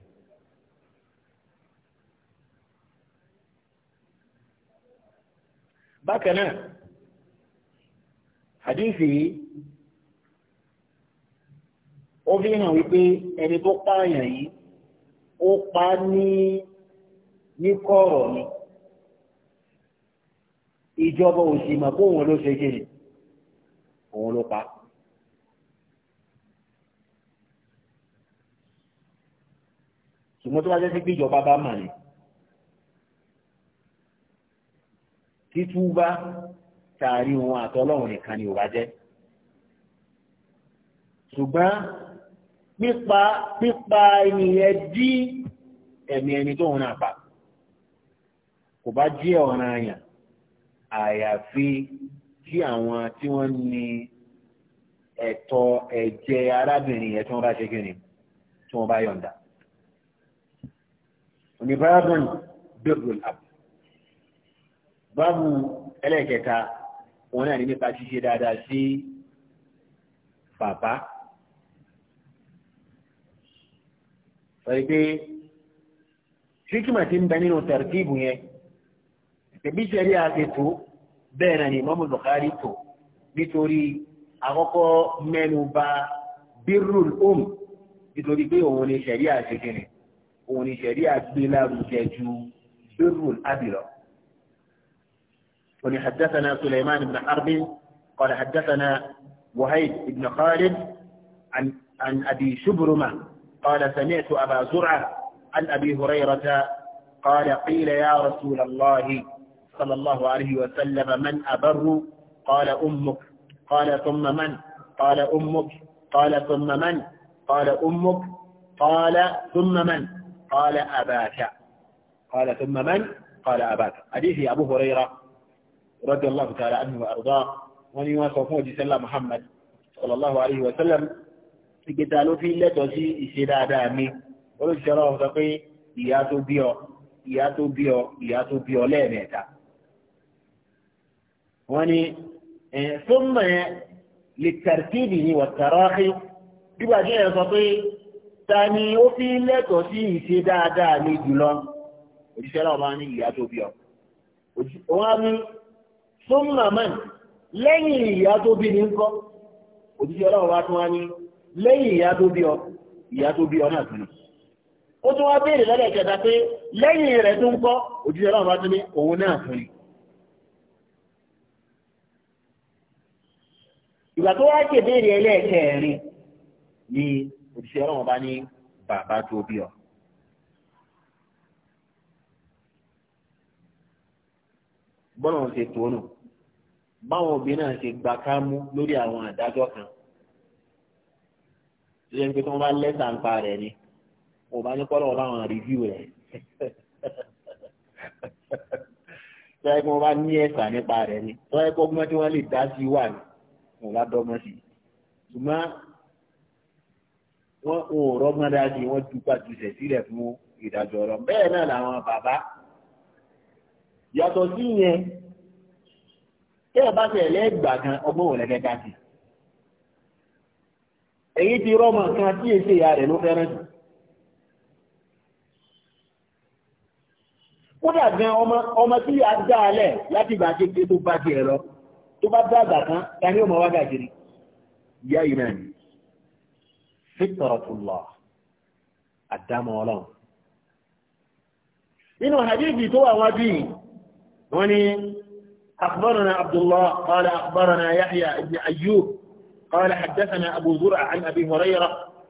bákan náà hadithi yìí ó fi hàn wípé ẹni tó pààyàn yìí ó pa ní ní kọ̀ọ̀rọ̀ ni. Ni ìjọba òsì mà kó òun ló ṣe kéde òun ló pa. ṣùgbọ́n tó bá jẹ́ sí pé ìjọba bá mà ní. títúbá tààrí òun àtọ́lọ́run nìkan ni ò bá jẹ́. ṣùgbọ́n pípa pípa ènìyàn dí ẹ̀mí ẹni tó ń ràn pa kò bá jẹ́ ọ̀ràn àyàn àyàfi kí àwọn tí wọ́n ní ẹ̀tọ́ ẹ̀jẹ̀ arábìnrin yẹn tí wọ́n bá ṣe kíni tí wọ́n bá yọ̀ǹda. òní bárábọ̀n bẹ́ẹ̀rù àbù. báàbù ẹlẹ́ẹ̀kẹta wọn náà ní nípa ṣíṣe dáadáa sí bàbá. sọ pé ṣíkìmà ti ń bẹ nínú tẹ̀rẹ̀tìbù yẹn. da bí ṣẹ̀rí àti tó bẹ́ẹ̀ náà ni Imam Bukhari tó nítorí àkọ́kọ́ mẹ́nu ba birrul um nítorí pé òun ni ṣẹ̀rí àti kìnnì òun ni ṣẹ̀rí àti lárugẹ ju birrul abi lọ. òní haddathana Sulaiman ibn Harbin qala haddathana Wahid ibn Khalid an Abi Shubruma qala sami'tu Aba Zur'a an Abi Hurayrata qala qila ya Rasulullah. صلى الله عليه وسلم من أبر قال أمك قال ثم من قال أمك قال ثم من قال أمك قال ثم من قال أباك قال ثم من قال أباك حديث أبو هريرة رضي الله تعالى عنه وأرضاه وني وصفه جسل محمد صلى الله عليه وسلم في قتالوا في الله توسي إسيدا دامي ولو شراه يا إياتو بيو إياتو بيو إياتو بيو لي wọ́n ní súnmọ̀ yẹn lè tàrtíìbì ní wàtàrọ́ọ̀kì nígbà tí ẹ̀ sọ pé ta ni ó fi lẹ́tọ̀ọ́ sí ìṣe dáadáa ní jùlọ òṣìṣẹ́ náà máa ní ìyá tó bí ọ wọ́n á ní súnmọ̀ mẹ́rin lẹ́yìn ìyá tó bí ní ń kọ́ tún wá ní lẹ́yìn ìyá tó bí ọ ìyá tó bí ọ náà tún ó tún wá béèrè lẹ́lẹ̀ kẹta pé lẹ́yìn rẹ̀ tún kọ́ òjíṣẹ́ ọlọ́run wá tún ní òun náà tún ní ìgbà tó wá ṣèbéèrè ẹlẹ́ẹ̀kẹrin ni òṣìṣẹ́ ọlọ́run bá ní bàbá tó bí ọ. bọ́lá wọn ṣe tó báwọn òbí náà ṣe gba kámú lórí àwọn àdájọ́ kan tó yẹ kí wọ́n bá lẹ́sà ń pa rẹ̀ ni wọ́n bá ní kọ́ lọ́wọ́ báwọn rìvíw rẹ̀ tó yẹ kí wọ́n bá ní ẹ̀sà nípa rẹ̀ ni tó yẹ kí ọgbọ́n tí wọ́n lè dá sí wà ní wọn bá dọ́gbọ́n sí i ṣùgbọ́n wọn ò rọ́gbọ́n dájú wọn dúpà jùṣẹ̀ sílẹ̀ fún ìdájọ́ ọ̀rọ̀ bẹ́ẹ̀ náà làwọn bàbá yàtọ̀ sí yẹn tẹ́ ẹ bá tẹ̀ lẹ́gbàá kan ọgbọ́n wò lẹ́gẹ́ ká sí èyí ti rọ́mọ kan tí èsì ìyá rẹ̀ ló fẹ́ràn jù. kódà gan ọmọ tí a dá a lẹ̀ láti gbà kékeré tó bá tiẹ̀ lọ tó bá dàgbà tán ta ni ó mọ wákà kiri ìyá yìí náà ni fitratullah àdámọ̀ ọlọ́run nínú hadithi tó wà wájú yìí wọ́n ni أخبرنا عبد الله قال أخبرنا يحيى بن أيوب قال حدثنا أبو زرع عن أبي هريرة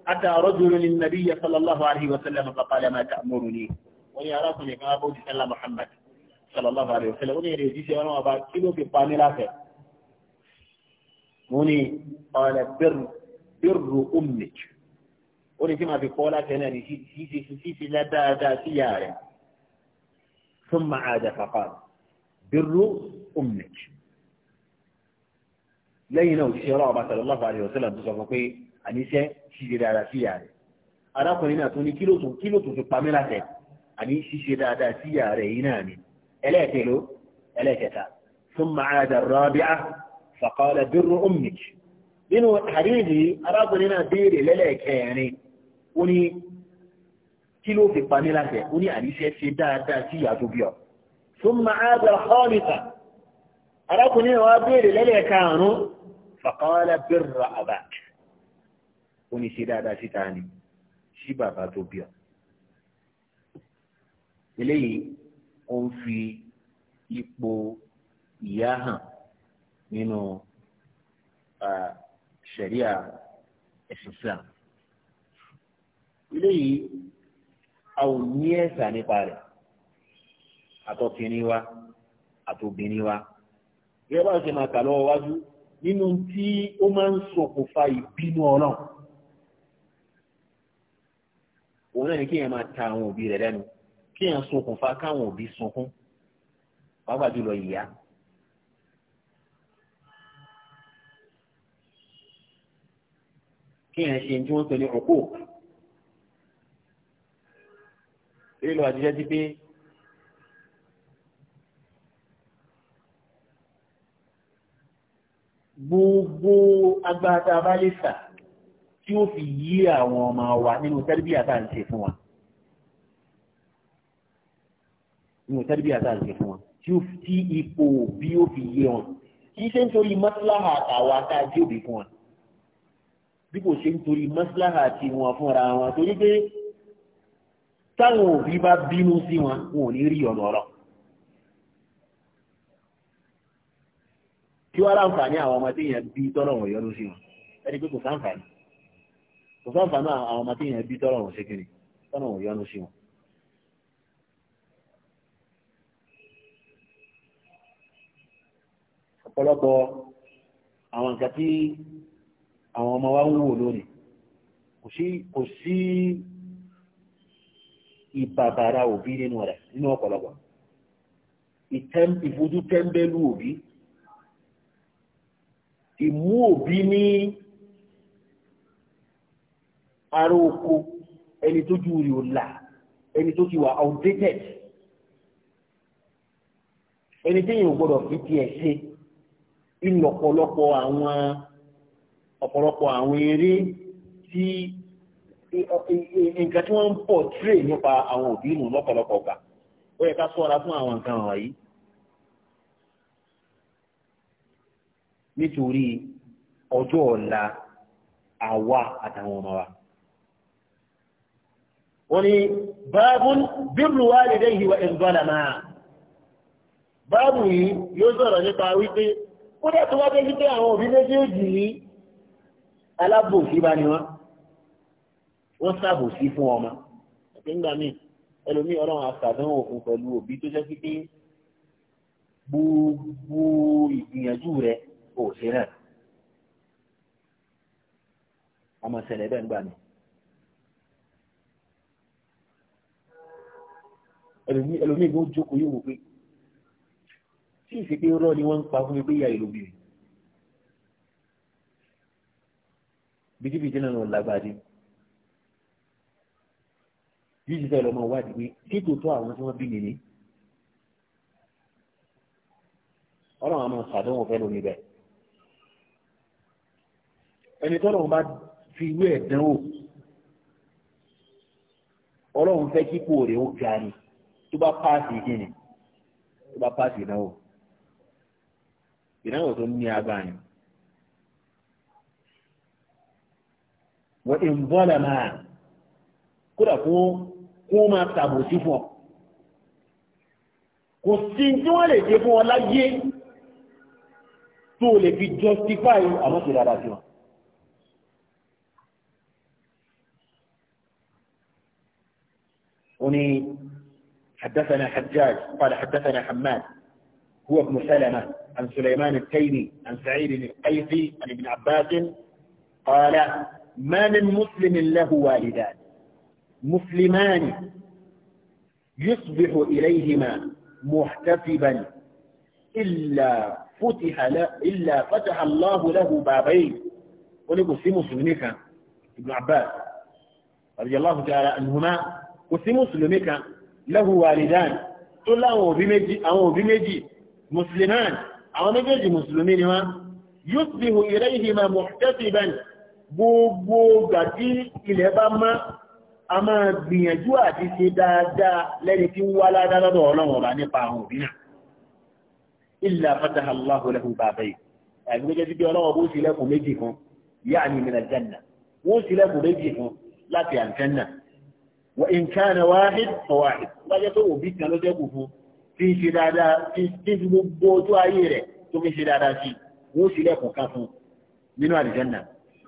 أتى رجل للنبي صلى الله عليه وسلم فقال ما تأمرني وني أراكم يا أبو محمد صلى الله عليه وسلم وني رجيسي وأنا أبا كيلو في الطاني لافئ mo ní ọ̀rẹ́ bẹ́rù omnich ó ní tí màá fi kọ́ láti ẹ̀nà ní ṣíṣe dáadáa sí ìyá rẹ̀ fún màá dà fàfà bẹ́rù omnich lẹ́yìn náà òṣìṣẹ́ ọlọ́wọ́ bá sọ̀rọ̀ lọ́fà rẹ̀ ọ̀sẹ̀ lọ́dún sọ fún pé àníṣẹ́ ṣíṣe dáadáa sí ìyá rẹ̀ arákùnrin náà tún ní kílò tún kílò tún fi pamẹ́ láti ẹ̀ àní ṣíṣe dáadáa sí ìyá rẹ̀ yìí náà ni ẹlẹ́ẹ̀kẹ́ ló ẹlẹ́ẹ̀kẹta fún màá dà rọ́bíà fàkọ́lẹ̀ bírú ummik nínú àríyìnjì arábìnrin náà béèrè lẹ́lẹ́kẹ̀ẹ́rin ó ní kí ló fi pamí láti ó ní àríṣẹ́ ṣe dáadáa sí ìyá tó bí ọ tún máa bẹ̀rẹ̀ họ́ọ̀lìta arákùnrin wa béèrè lẹ́lẹ́kẹ̀ẹ́rin fàkọ́lẹ̀ bírú abak ó ní ṣe dáadáa sí ta ni sí bàbá tó bí ọ eléyìí ó ń fi ipò ìyá hàn nínú ṣẹ̀ríà ẹ̀sìn Islam eléyìí a ò ní ẹ̀sà nípa rẹ̀ àtọkùnrin wa àtobìnrin wa gẹ́gẹ́ bá ṣe máa kà lọ́wọ́ wájú nínú tí ó máa ń ṣokùnfà ìbínú ọlọ́run òun náà ni kéèyàn máa ta àwọn òbí rẹ̀ lẹ́nu kéèyàn ṣokùnfà káwọn òbí sunkún pàápàá jùlọ ìyá kí yẹn ṣe tí wọ́n pè ní òkú lílo àdìjẹ́ ti pé gbogbo agbára bá lè sà tí ó fi yí àwọn ọmọ wa nínú tẹ́lifíà tá à ń ṣe fún wa nínú tẹ́lifíà tá à ń ṣe fún wa tí ipò bí ó fi yé wọn kì í ṣe nítorí mọ́tíláhà àtàwọn àtàjẹ́ òbí fún wa bí kò ṣe ń torí mọ́síláhà àti wọn fúnra wọn torí pé táwọn òbí bá bínú sí wọn wọn ò ní rí ọ̀nà ọ̀rọ̀. kí wọ́n láǹfààní àwọn ọmọdé yẹn bí tọ́lọ̀ wọ̀nyí ọdún sí wọn ẹni pé kò sáǹfààní kò sáǹfààní àwọn ọmọdé yẹn bí tọ́lọ̀ wọ̀nyí ṣékiri tọ́lọ̀ wọ̀nyí ọdún sí wọn. ọ̀pọ̀lọpọ̀ àwọn nǹkan tí àwọn ọmọ wa ń wò lónìí kò sí ìbàbàrà òbí nínú rẹ̀ nínú ọ̀pọ̀lọpọ̀ ìfojú tẹ́ńbẹ́lú òbí ìmú òbí ní ara oko ẹni tó ju rí òlà ẹni tó ti wà outdated ẹni tí èèyàn gbọ́dọ̀ fi tiẹ̀ ṣe ìlọ̀pọ̀lọpọ̀ àwọn ọ̀pọ̀lọpọ̀ àwọn eré tí nǹkan tí wọ́n ń pọ̀ tré nípa àwọn òbí nù lọ́pọ̀lọpọ̀ gbà ó yẹ ká sọ́ra fún àwọn nǹkan wọ̀nyí nítorí ọjọ́ ọ̀la àwa àtàwọn ọmọ wa wọ́n ní báàbùn bírù wálidayhi wa in zalama báàbù yìí yóò sọ̀rọ̀ nípa wípé kódà tó wá bẹ́ wípé àwọn òbí méjèèjì yìí alábòsí bá ní wọn wọ́n ṣàbòsí fún ọmọ àti ńgbà míì ẹlòmíì ọlọ́run àfàdánwò fún pẹ̀lú òbí tó jẹ́ pípé gbogbo ìgbìyànjú rẹ̀ kò ṣe náà ọmọ ṣẹlẹ̀ bẹ́ẹ̀ ńgbà míì. ẹlòmíì ló ń jókòó yóò wò pé tí ìṣèpé rọ ni wọ́n ń pa fún mi pé ìyá ìlú bìtìbìtì náà lọ lágbàdì yíyí fẹ́ lọ́mọ wádìí pé títò tó àwọn tí wọ́n bí nìyí ọlọ́run àmọ́ sàdánwò fẹ́ lómi bẹ́ẹ̀ ẹni tọ́lọ́run bá fi ìwé ẹ̀dánwò ọlọ́run fẹ́ kíkó rẹ̀ ó ga ni tó bá páàsì kí ni tó bá páàsì ìdánwò ìdánwò tó ní agbára ni. وإن ظلما كلكو كوما تابوتيفو كو سينتو على تيفو ولا جي تو لي في جوستيفاي اما تي راديو وني حدثنا حجاج قال حدثنا حماد هو ابن سلمة عن سليمان التيمي عن سعيد بن القيسي عن ابن عباس قال ما من مسلم له والدان مسلمان يصبح إليهما محتسبا إلا فتح إلا فتح الله له بابين ولكن في مسلمك ابن عباس رضي الله تعالى عنهما وفي مسلمك له والدان قل أو بمجي أو بمجي مسلمان أو بمجي مسلمين يصبح إليهما محتسبا gbogbo gàdí ilẹ̀ bá mọ́ a máa gbìyànjú àti ṣe dáadáa lẹ́ni tí ń wá ládàá lọ́dọ̀ ọlọ́run ọba nípa àwọn òbí náà illa fataha Allahu lahu babayn àbí gẹ́gẹ́ bí bí ọlọ́run bó ṣílẹ̀kùn méjì fún ya'ni min al-janna wọ́n ṣílẹ̀kùn méjì fún láti al-janna wa in kana wahid fa tó òbí kan ló jẹ́ kù tí ń ṣe dáadáa tí ń gbogbo ojú ayé rẹ̀ tó fi ṣe dáadáa sí wọ́n ṣílẹ̀kùn kan fún nínú al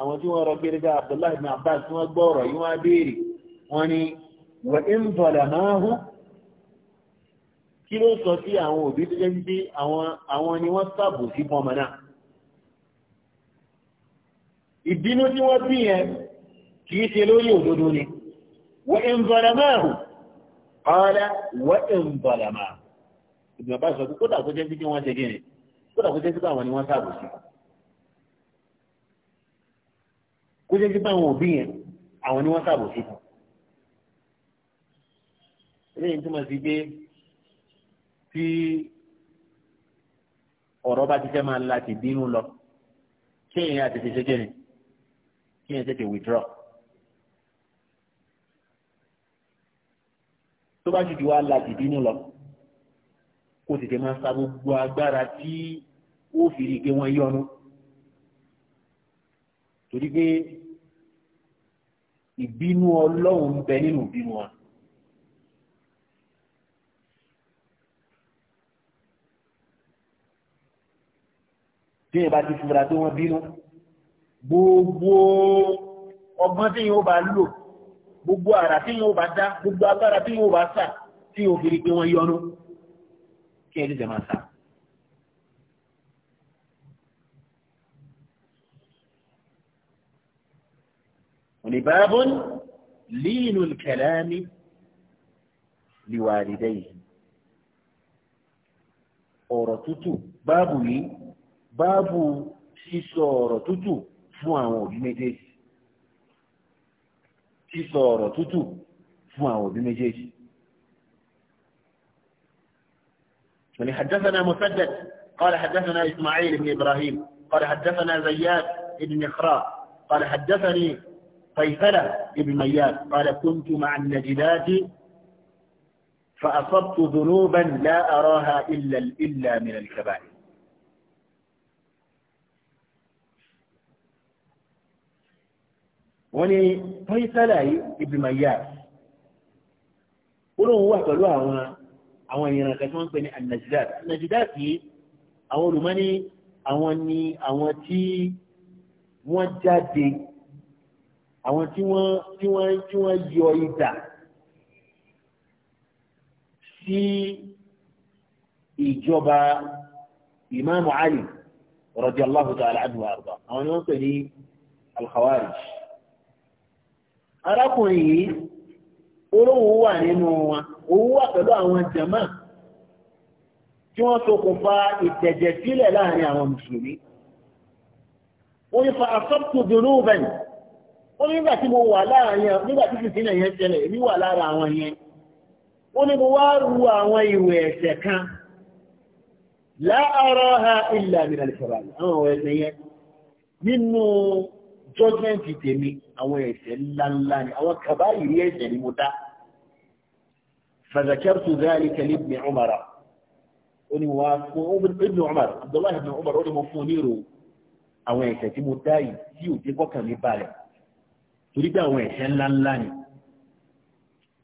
àwọn tí wọ́n rọ gẹ́gẹ́ Abdullahi ibn Abbas tí wọ́n gbọ́ ọ̀rọ̀ yìí wọ́n á béèrè wọ́n ní wọ́n ń bọ̀là máa hù kí ló sọ sí àwọn òbí tó jẹ́ pé àwọn ni wọ́n sábò sí pọ́nmọ́ náà ìbínú tí wọ́n bí yẹn kì í ṣe lórí òdodo ni wọ́n ń bọ̀là máa hù ọ̀lá wọ́n ń bọ̀là máa hù ìgbìmọ̀ bá sọ pé kódà kó jẹ́ pé wọ́n ṣe gẹ́rin kódà kó jẹ́ pé àwọn ni wọ́n sábò sí pọ́nmọ́ kó jẹ́ pé báwọn òbí yẹn àwọn ni wọ́n sàbò sí kan eléyìí túmọ̀ sí pé tí ọ̀rọ̀ bá ti fẹ́ máa la ti bínú lọ kí èèyàn àtẹ̀tẹ̀ ṣe kéde kí èèyàn tètè withdraw. tó bá ti wá la ti bínú lọ kó tètè máa sa gbogbo agbára tí ó fi rí i pé wọ́n yọnu torí pé ìbínú ọlọ́run ń bẹ nínú ìbínú wọn. tí ìbá ti fura tó wọn bínú gbogbo ọgbọ́n tí yóò bá lò gbogbo ara tí yóò bá dá gbogbo agbára tí yóò bá sà tí yóò fi rí pé wọ́n yọnu kí ẹ ti jẹ máa sà. يعني باب لين الكلام لوالديه أورتوتو بابو لي بابو سيسو أورتوتو فوانو بمجيش سيسو أورتوتو فوانو بمجيش من حدثنا مسدد قال حدثنا إسماعيل بن إبراهيم قال حدثنا زياد بن نخراء قال حدثني صيفلة ابن مياس قال كنت مع النجدات فأصبت ذنوبا لا أراها إلا, إلا من الكبائر وني صيفلة ابن مياس ولو هو قالوا هنا àwọn ìran kan tí wọ́n ń pè ní anajidat anajidat yìí àwọn olùmọ́ ní àwọn ní àwọn tí wọ́n jáde àwọn tí wọ́n tí wọ́n tí wọ́n yọ idà sí ìjọba ìmáàmù Ali radiyallahu ta'ala anhu àrùbá àwọn ni wọ́n pè ní alkhawarij arákùnrin yìí olóhùn wà nínú wọn òun wà pẹ̀lú àwọn jama tí wọ́n ṣokùnfà ìtẹ̀jẹ̀sílẹ̀ láàrin àwọn mùsùlùmí wọ́n ní fa asabtu dunuban ó nígbà tí mo wà láàrin nígbà tí sì sílẹ̀ yẹn ṣẹlẹ̀ èmi wà lára àwọn yẹn ó ní mo wá ru àwọn ìwé ẹ̀ṣẹ̀ kan láàárọ̀ ha ilẹ̀ àmì àlìfọ̀rọ̀ àwọn ọ̀rọ̀ ẹ̀ṣẹ̀ yẹn nínú jọ́jẹ́ǹtì tèmi àwọn ẹ̀ṣẹ̀ ńláńlá ni àwọn kàbáyìí ẹ̀ṣẹ̀ ni mo dá فذكرت ذلك لابن عمر ابن عمر عبد الله بن عمر ó ní mo fún onírò àwọn ẹ̀ṣẹ̀ tí mo dá yìí tí ò torí pé àwọn ẹ̀ṣẹ̀ ńláńlá ni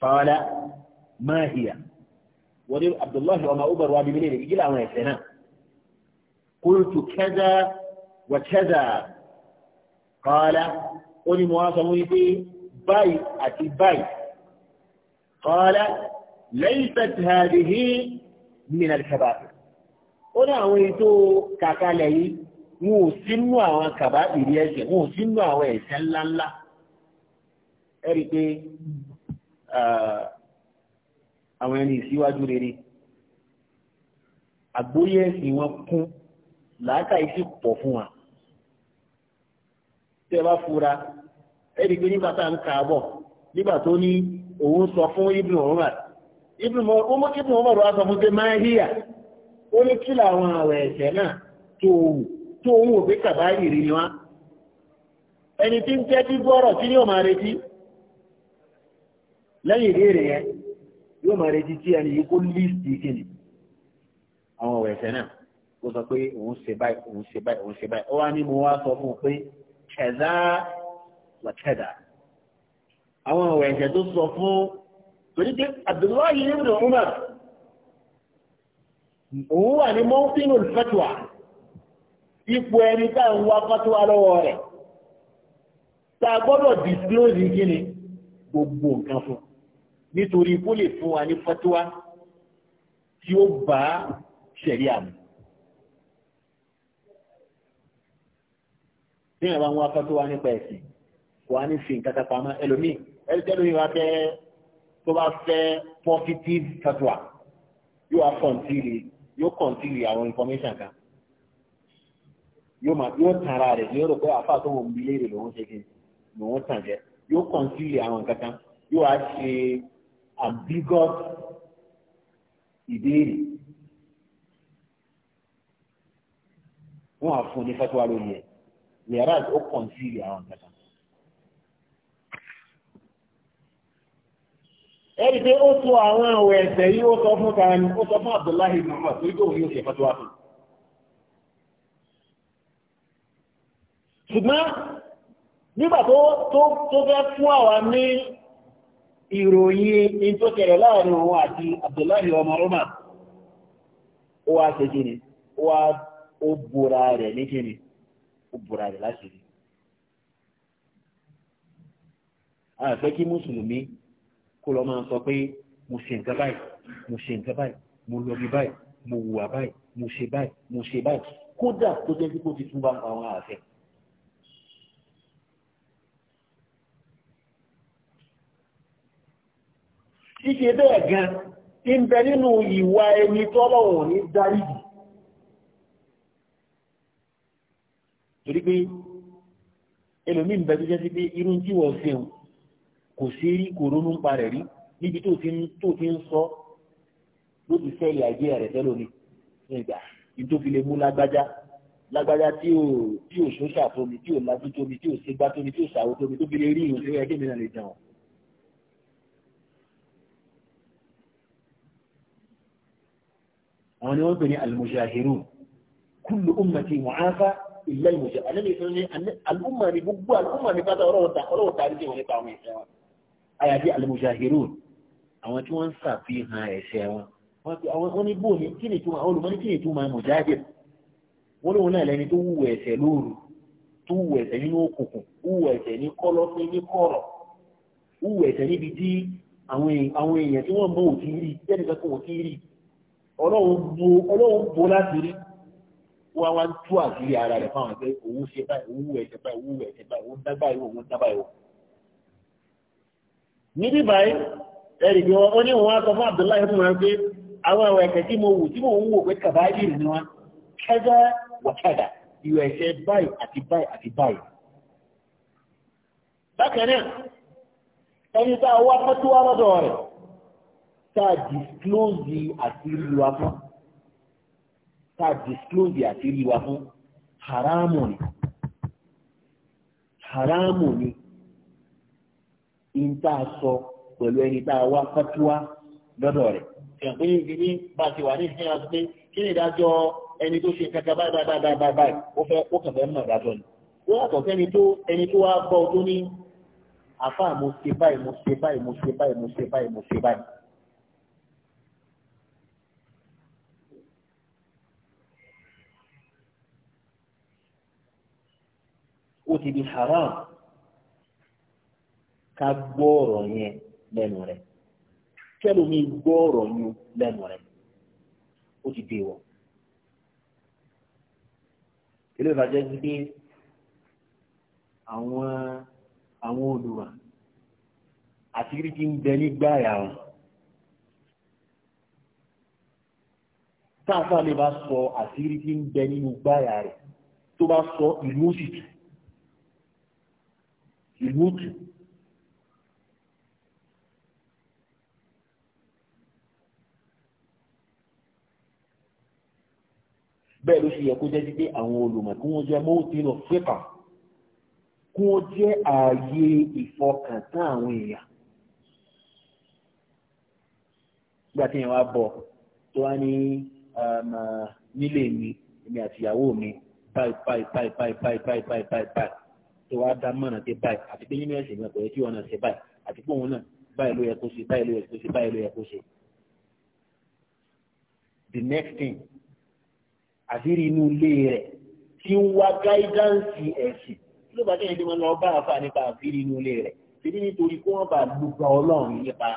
fàwọ́dá máa hìyà wọ́n ní abdullahi ọmọ ubar wa bíbélì rẹ̀ ìjìlá àwọn ẹ̀ṣẹ̀ náà kúrútù kẹ́dà wà kẹ́dà kọ́ọ́lá ó ní mo wá sọ wọ́n pé báyìí àti báyìí kọ́ọ́lá laysat hadhihi min al-kaba'ir ó ní àwọn ètò kàkálẹ̀ yìí wọn ò sínú àwọn kàbábìrì ẹ̀ṣẹ̀ wọn ò sínú àwọn ẹ̀ṣẹ̀ ńláńlá ẹ rí i pé àwọn ẹni ìsíwájú rere àgbóyè ẹ̀sìn wọn kún làákàyè sì pọ̀ fún wa tẹ́ bá fura ẹ rí i pé nígbà tá à ń kà á bọ̀ nígbà tó ní òun sọ fún Ibn Umar Ibn Umar wá sọ fún pé máa híyà ó ní kí làwọn àwẹ̀ ẹ̀ṣẹ̀ náà tó wù tó ń wò pé kàbáyìí rí ni wá ẹni tí ń tẹ́tí gbọ́rọ̀ kí ni ó máa retí lẹ́yìn ìbéèrè yẹn yóò máa retí tí ẹni yìí kó líìsì kìnnì àwọn ọ̀wọ̀ ẹ̀sẹ̀ náà ó sọ pé òun ṣe báyìí òun ṣe báyìí òun ṣe báyìí ó wá ní mo wá sọ fún un pé kẹ̀dá wà kẹ̀dá àwọn ọ̀wọ̀ ẹ̀sẹ̀ tó sọ fún torí pé Abdullahi ibn Umar òun wà ní mọ́ńtínù fẹ́tùwà ipò ẹni tá à ń wá fẹ́tùwà lọ́wọ́ rẹ̀ tá a gbọ́dọ̀ disclose kí ni gbogbo nǹkan fún un nítorí kó lè fún wa ní fatuwa tí ó bá ṣẹ̀rí àmì. ní ìwà wọn fatuwa nípa ẹ̀sìn kò á ní fi nǹkan kan pamọ́ ẹlòmíì ẹlòmíì wa fẹ́ tó bá fẹ́ positive fatuwa yóò wá kọ̀ǹtìlì yóò kọ̀ǹtìlì àwọn information kan yóò máa yóò tara rẹ̀ yóò rò pé àfa tó wọn bí léèrè lòun ṣe kí lòun tàn jẹ yóò kọ̀ǹtìlì àwọn kankan yóò wá ṣe ambiguous ìbéèrè wọn á fún ní fatuwa lórí ẹ yàrá ó kàn sí ìrì àwọn nǹkan kan. ẹni pé ó tó àwọn ọ̀wẹ̀ ẹ̀sẹ̀ yìí ó sọ fún tani ó sọ fún Abdullahi Muhammad torí pé òun yóò ṣe fatuwa fún. ṣùgbọ́n nígbà tó tó fẹ́ fún àwa ní ìròyìn in tó kẹrẹ láàrin òun àti Abdullahi ọmọ Roma ó wá ṣe kí ni ó bóra rẹ̀ ní kí ni ó bóra rẹ̀ láti rí àfẹ́ kí mùsùlùmí kó lọ máa sọ pé mo ṣe nǹkan báyìí mo ṣe nǹkan báyìí mo lọ bí báyìí mo wùwà báyìí mo ṣe báyìí mo ṣe báyìí kódà tó jẹ́ kí kó ti túbọ̀ àwọn àfẹ́ ṣíṣe bẹ́ẹ̀ gan ń bẹ nínú ìwà ẹni tọ́lọ̀wọ̀n ní dáríjì torí pé ẹlòmí ń bẹ tó jẹ́ sí pé irú tí wọ́n ṣeun kò sí rí kò ronú ń parẹ̀ rí níbi tó ti ń sọ ló ti fẹ́ ìyàjẹ́ rẹ̀ tẹ́lómi nígbà tó fi lè mú lágbájá lágbájá tí ò tí ò ṣóṣà tómi tí ò lájú tómi tí ò ṣègbá tómi tí ò ṣàwó tómi tó fi lè rí ìrùn tó yẹ kí lè jẹun àwọn ni wọ́n pè ní almujahirun kullu ummati mu'afa illa almujahirun alẹ́ nìkan ní al'umma ni gbogbo al'umma ni bàtà ọlọ́wọ́ ta ọlọ́wọ́ ta ní tiwọn nípa àwọn ẹ̀ṣẹ̀ wọn àyàfi almujahirun àwọn tí wọ́n ń ṣàfihàn ẹ̀ṣẹ̀ wọn wọ́n ní bóòní kí ni túmọ̀ àwọn olùmọ́ni kí ni túmọ̀ mujahir wọ́n lóun náà lẹni tó wù ẹ̀ṣẹ̀ lóru tó wù ẹ̀ṣẹ̀ nínú òkùnkùn wù ẹ̀ṣẹ̀ ní kọ́lọ́fín ní kọ̀rọ̀ wù ẹ̀ṣẹ̀ níbi tí àwọn èèyàn tí wọ́n mọ òtí rí jẹ́nìkan kò òtí ọlọ́run bo láti rí wọ́n wá ń tú àṣírí ara rẹ̀ fáwọn ẹgbẹ́ òun ṣe báyìí òun wù ẹ̀ṣẹ̀ báyìí òun wù ẹ̀ṣẹ̀ báyìí òun dábàá ìwò òun dábàá ìwò. níbí báyìí ẹ̀rì pé wọ́n ní òun á sọ fún Abdullahi fún wọn pé àwọn àwọn ẹ̀ṣẹ̀ tí mo wù tí mò ń wò pé kàbá ìrìn ni wọn kẹ́dá wàkàdà ìwọ̀ ẹ̀ṣẹ̀ báyìí àti báyìí àti báyìí. bákan náà ẹni tá a wá pẹ́tù wá lọ́dọ̀ rẹ̀ tá a disclose àti rí wa fún tá a disclose àti rí wa fún haramu ni haramu ni ìta sọ pẹ̀lú ẹni tá a wá fatuwa lọ́dọ̀ rẹ̀ ṣẹ̀gbọ́n yìí ti ní bá a ti wà ní ìsinmi àti pé kí ni ìdájọ́ ẹni tó ṣe kankan báyìí báyìí báyìí báyìí báyìí ó fẹ́ ó kàn fẹ́ mọ̀ ìdájọ́ ni wọ́n yàtọ̀ sẹ́ni tó ẹni tó wá bọ́ ọ ní àfáà mo ṣe báyìí mo ṣe báyìí mo ṣe báyìí mo ṣe báyìí mo ṣe báyìí ó ti di haram ká gbọ́ ọ̀rọ̀ yẹn lẹ́nu rẹ̀ kẹ́lómi gbọ́ ọ̀rọ̀ yẹn lẹ́nu rẹ̀ ó ti dè wọ̀. ilé ìbàjẹ́ ti dé àwọn àwọn olùwà àti rí ń bẹ nígbà yà wọn. lè bá sọ àṣírí tí ń bẹ nínú gbáyà rẹ̀ tó bá sọ ìlú sì tù ìwútù. bẹ́ẹ̀ ló ṣe yẹ kó jẹ́ pé àwọn olùmọ̀ kí wọ́n jẹ́ mọ́tínú fíkà kí wọ́n jẹ́ ààyè ìfọkàntán àwọn èèyàn. nígbà tí èèyàn wá bọ̀ tó wá ní um, nílé mi èmi àti ìyàwó mi báyìí báyìí báyìí báyìí báyìí báyìí báyìí báyìí tó wá dá mọ̀nà pé báyìí àti pé nínú ẹ̀sìn náà kò yẹ kí wọn náà ṣe báyìí àti pé òun náà báyìí ló yẹ kó ṣe báyìí ló yẹ kó ṣe báyìí ló yẹ kó ṣe. the next thing àṣírí inú ilé rẹ̀ tí ń wá gáídáǹsì ẹ̀sìn ló bá kẹ́yìn tí wọ́n lọ bá àfa nípa àṣírí inú ilé rẹ̀ ṣèbí nítorí kó wọ́n bá lùgbà ọlọ́run nípa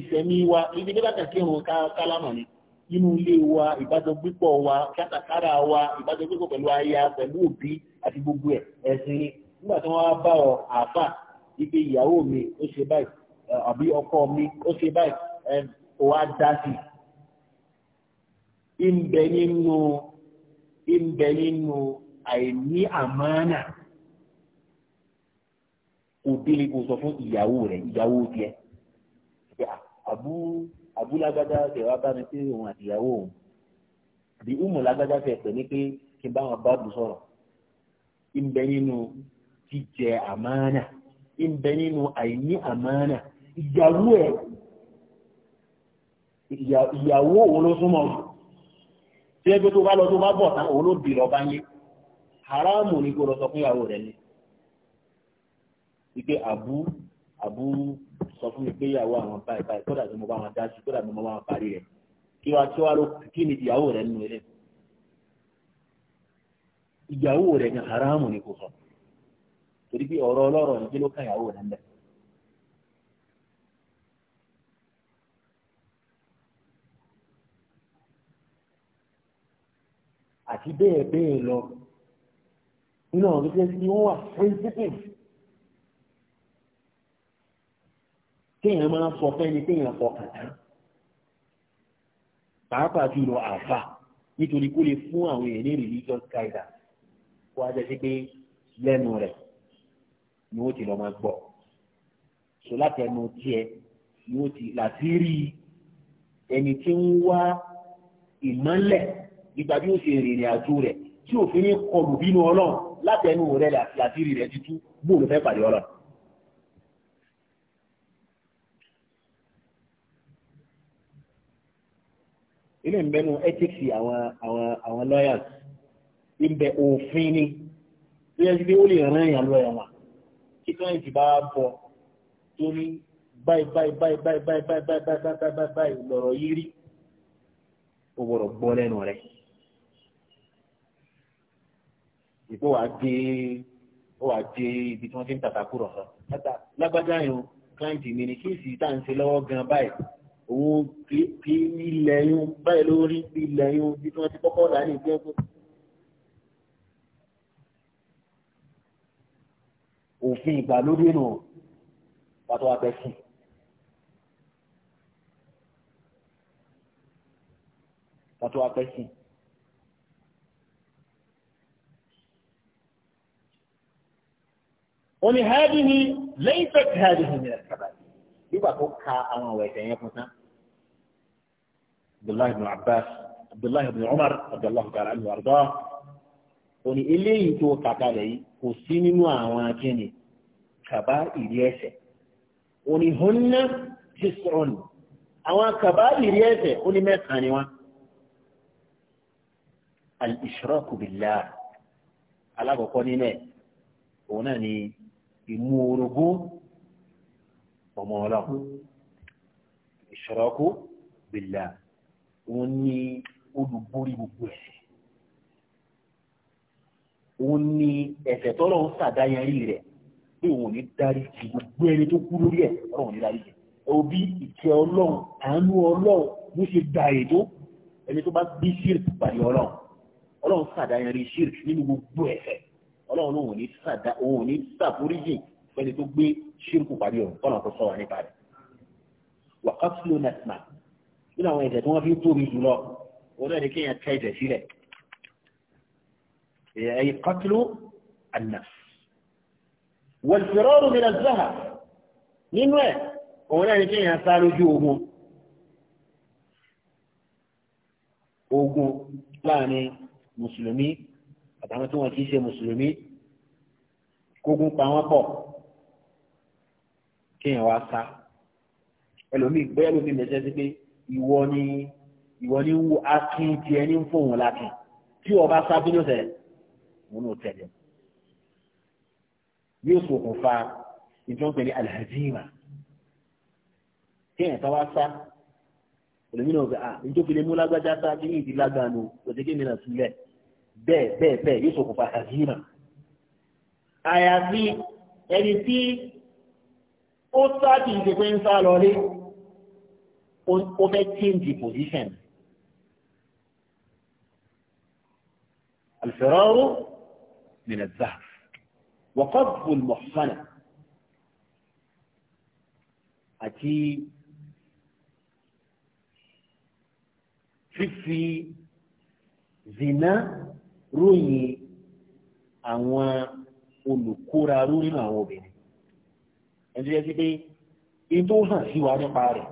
ìṣẹ́mi wa ibi tí bá kàkí ni nínú ilé wa ìbájọgbépọ̀ wa kátàkárà wa ìbájọgbépọ̀ pẹ̀lú aya pẹ̀lú òbí àti gbogbo ẹ̀ ẹ̀sìn nígbà tí wọ́n bá ọ àfà ipe ìyàwó mi ó ṣe báyìí àbí ọkọ mi ó ṣe báyìí ẹ̀ kò wá dá sí i. ìbẹ̀ nínú ìbẹ̀ nínú àìní àmánà òbí ni kò sọ fún ìyàwó rẹ̀ ìyàwó tiẹ̀ àbú abúlágbádá tẹ wá bá mi pé òun àtìyàwó òun àbí umu lágbádá tẹ pè ní pé kí n bá wọn báàbù sọ̀rọ̀ ìbẹ nínú jíjẹ àmánà ìbẹ nínú àìní àmánà ìyàwó ẹ ìyàwó òun ló súnmọ́ tí ẹgbẹ́ tó bá lọ tó bá bọ̀ tán òun ló bì lọ bá yé haramu ni kò lọ sọ fún ìyàwó rẹ ni wípé àbú àbú sọ fún mi pé ìyàwó àwọn báyìí báyìí kódà tí mo bá wọn dá sí kódà tí mo bá wọn parí rẹ̀ kí wá tí wá ló kí ni ìyàwó rẹ̀ nínú ilé ìyàwó rẹ̀ ní haramu ni kò sọ torí pé ọ̀rọ̀ ọlọ́rọ̀ ní kí ló ká ìyàwó rẹ̀ ńlẹ̀. àti bẹ́ẹ̀ bẹ́ẹ̀ lọ nínú àwọn tó ṣe ń wà sensitive téèyàn máa ń sọ fẹ́ni téèyàn fọkàn tán pàápàá jùlọ àfà nítorí kó lè fún àwọn èèyàn ní religious guidance kó a jẹ́ sí pé lẹ́nu rẹ̀ ni ó ti lọ máa gbọ́ so láti ẹnu tiẹ̀ ni ó ti láti rí ẹni tí ń wá ìmọ́lẹ̀ nígbà bí ó ṣe rìnrìn àjò rẹ̀ tí òfin ní kọlù bínú ọlọ́run láti rẹ̀ láti rí rẹ̀ títú bóòlù fẹ́ pàdé ọlọ́run. ilé ń bẹnu ethics àwọn àwọn àwọn lawyers ń bẹ òfin ni tó yẹ sí pé ó lè rán èèyàn lọ́yà wà kí client bá bọ̀ torí báyìí báyìí báyìí báyìí báyìí báyìí báyìí báyìí báyìí báyìí báyìí lọ̀rọ̀ yìí rí ó gbọ́dọ̀ gbọ́ lẹ́nu rẹ̀ ìpò wàá dé ó wàá dé ibi tí wọ́n ti ń tàtàkùrọ̀ sọ lágbájá yìí o client mi ni kí èsì tá à ń ṣe lọ́wọ́ gan báyìí òun kì í ilẹ̀ yún báyìí lórí ilẹ̀ yún bí wọ́n ti kọ́kọ́ dá ní ìgbẹ́ fún. òfin ìgbàlódé nù pàtó abẹ́sìn. pàtó abẹ́sìn. ó ní hádìí ní lẹ́yìn tẹ̀sí nígbà tó ka àwọn ọ̀rọ̀ ẹ̀sẹ̀ yẹn fún tán abdullahi ibn abbas abdullahi ibn umar abdullahi ibn alayhi wa arda òní eléyìí tó kàkàlẹ̀ yìí kò sí nínú àwọn akíni kàbá ìrí ẹ̀ṣẹ̀ òní hunna tis'un àwọn kàbá ìrí ẹ̀ṣẹ̀ ó ní mẹ́ta ni wọn al-ishraku billah alákọ̀ọ́kọ́ nínú ẹ̀ òun náà ni ìmú orogún ọmọ ọlọ́run ìṣọ́rọ́kú bìlà òun ni olùborí gbogbo ẹ̀ṣẹ̀ òun ni ẹ̀ṣẹ̀ tọ́lọ́ ń sàdáyẹrí rẹ̀ pé òun ní dárí jì gbogbo ẹni tó kú lórí ẹ̀ ọlọ́run ní dárí jì òbí ìkẹ́ ọlọ́run àánú ọlọ́run ló ṣe gba èdò ẹni tó bá bí ṣírk pàdé ọlọ́run ọlọ́run sàdáyẹrí ṣírk nínú gbogbo ẹ̀ṣẹ̀ ọlọ́run òun ní sàforíjì pẹ̀lú tó gbé ṣírùkù pàdé ọ̀hún kọ́nà kó sọ wà nípa rẹ̀. wà á fúlò nàìjíríà nínú àwọn ẹ̀jẹ̀ tí wọ́n fi ń tóbi jùlọ òun náà ni kéèyàn ká ẹ̀jẹ̀ sílẹ̀ ẹ̀yẹ kọ́tìlú àná. wọ̀lùfẹ̀rọ̀rù mi lọ́sọ̀hà nínú ẹ̀ òun náà ni kéèyàn sá lójú ogun ogun láàrin mùsùlùmí àtàwọn tí wọn kì í ṣe mùsùlùmí kógun pa wọn pọ̀ kéèyàn wá sá ẹlòmíì bẹ́ẹ̀ lómi mẹ́sẹ̀ sí pé ìwọ ni ìwọ ni wú akin tí ẹni ń fòun lákin tí wọ́n bá sá bínú sẹ̀ wọn ò tẹ̀lé yóò ṣokùnfà ìjọ pẹ̀lú alhazima kéèyàn tó wá sá ẹlòmíì náà gbà ah ìjọ pẹ̀lú múlágbájá sá kí ní ìdílé àgbàánu òṣèké mi náà sílẹ̀ bẹ́ẹ̀ bẹ́ẹ̀ bẹ́ẹ̀ yóò ṣokùnfà alhazima àyàfi ẹni tí ó sáàtì ìṣe pé ń sá lọlé ó fẹ́ change position alfiraru min azaf wa qadfu almuhsana àti fífi zina ròyìn àwọn olùkóra rú nínú àwọn obìnrin ẹ̀sùn yẹ sí pé in tó hàn sí wa nípa rẹ̀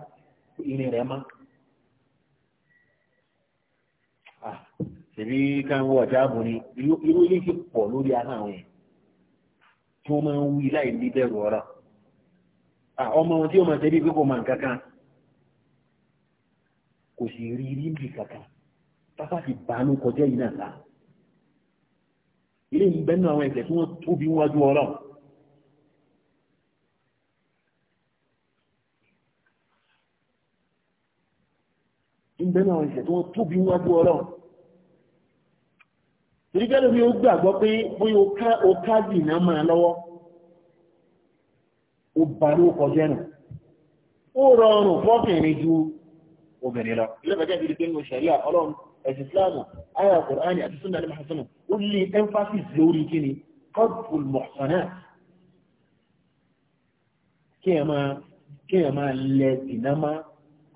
ìrìn rẹ̀ mọ́ ṣèbí káwọn ọ̀já ààbò ni irú ilé ti pọ̀ lórí ara àwọn yẹn tí wọ́n máa ń wí láì ní bẹ̀rù ọ̀rọ̀ ọmọ wọn tí ó máa tẹ́bí pé kò máa nǹkan kò sì rí rí nbì kankan pápá ti kọjá yìí náà ta ilé ìgbẹ́nu àwọn ẹ̀sẹ̀ tí wọ́n tóbi wájú ọlọ́run ìgbẹ́ náà ìṣẹ̀ tó wọ́n tóbi wájú ọlọ́run ìrígbẹ́lẹ̀ bí ó gbàgbọ́ pé ká dìnà máa lọ́wọ́ bà ló kọjẹ́ nù ó rọrùn ju obìnrin lọ kí ẹ máa lẹ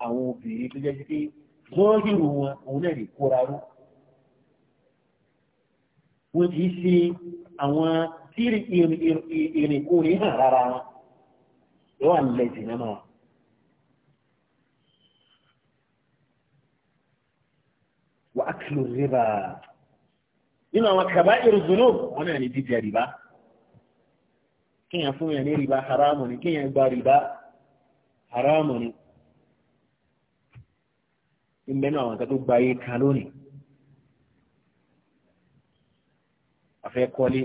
àwọn obìnrin tó jẹ́ sí pé lọ́ọ̀rù wọn òun náà lè kóra ró wọn kì í ṣe àwọn tí ìrìnkúrin hàn rárá wọn yóò wà nílẹ̀ jìnnà náà. wà á kìlọ̀ rírà nínú kaba wọn náà ní fún ní rìbá haramu ni gba ń bẹ́nu àwọn nǹkan tó gba ayé ká lónìí afẹ́ kọ́lé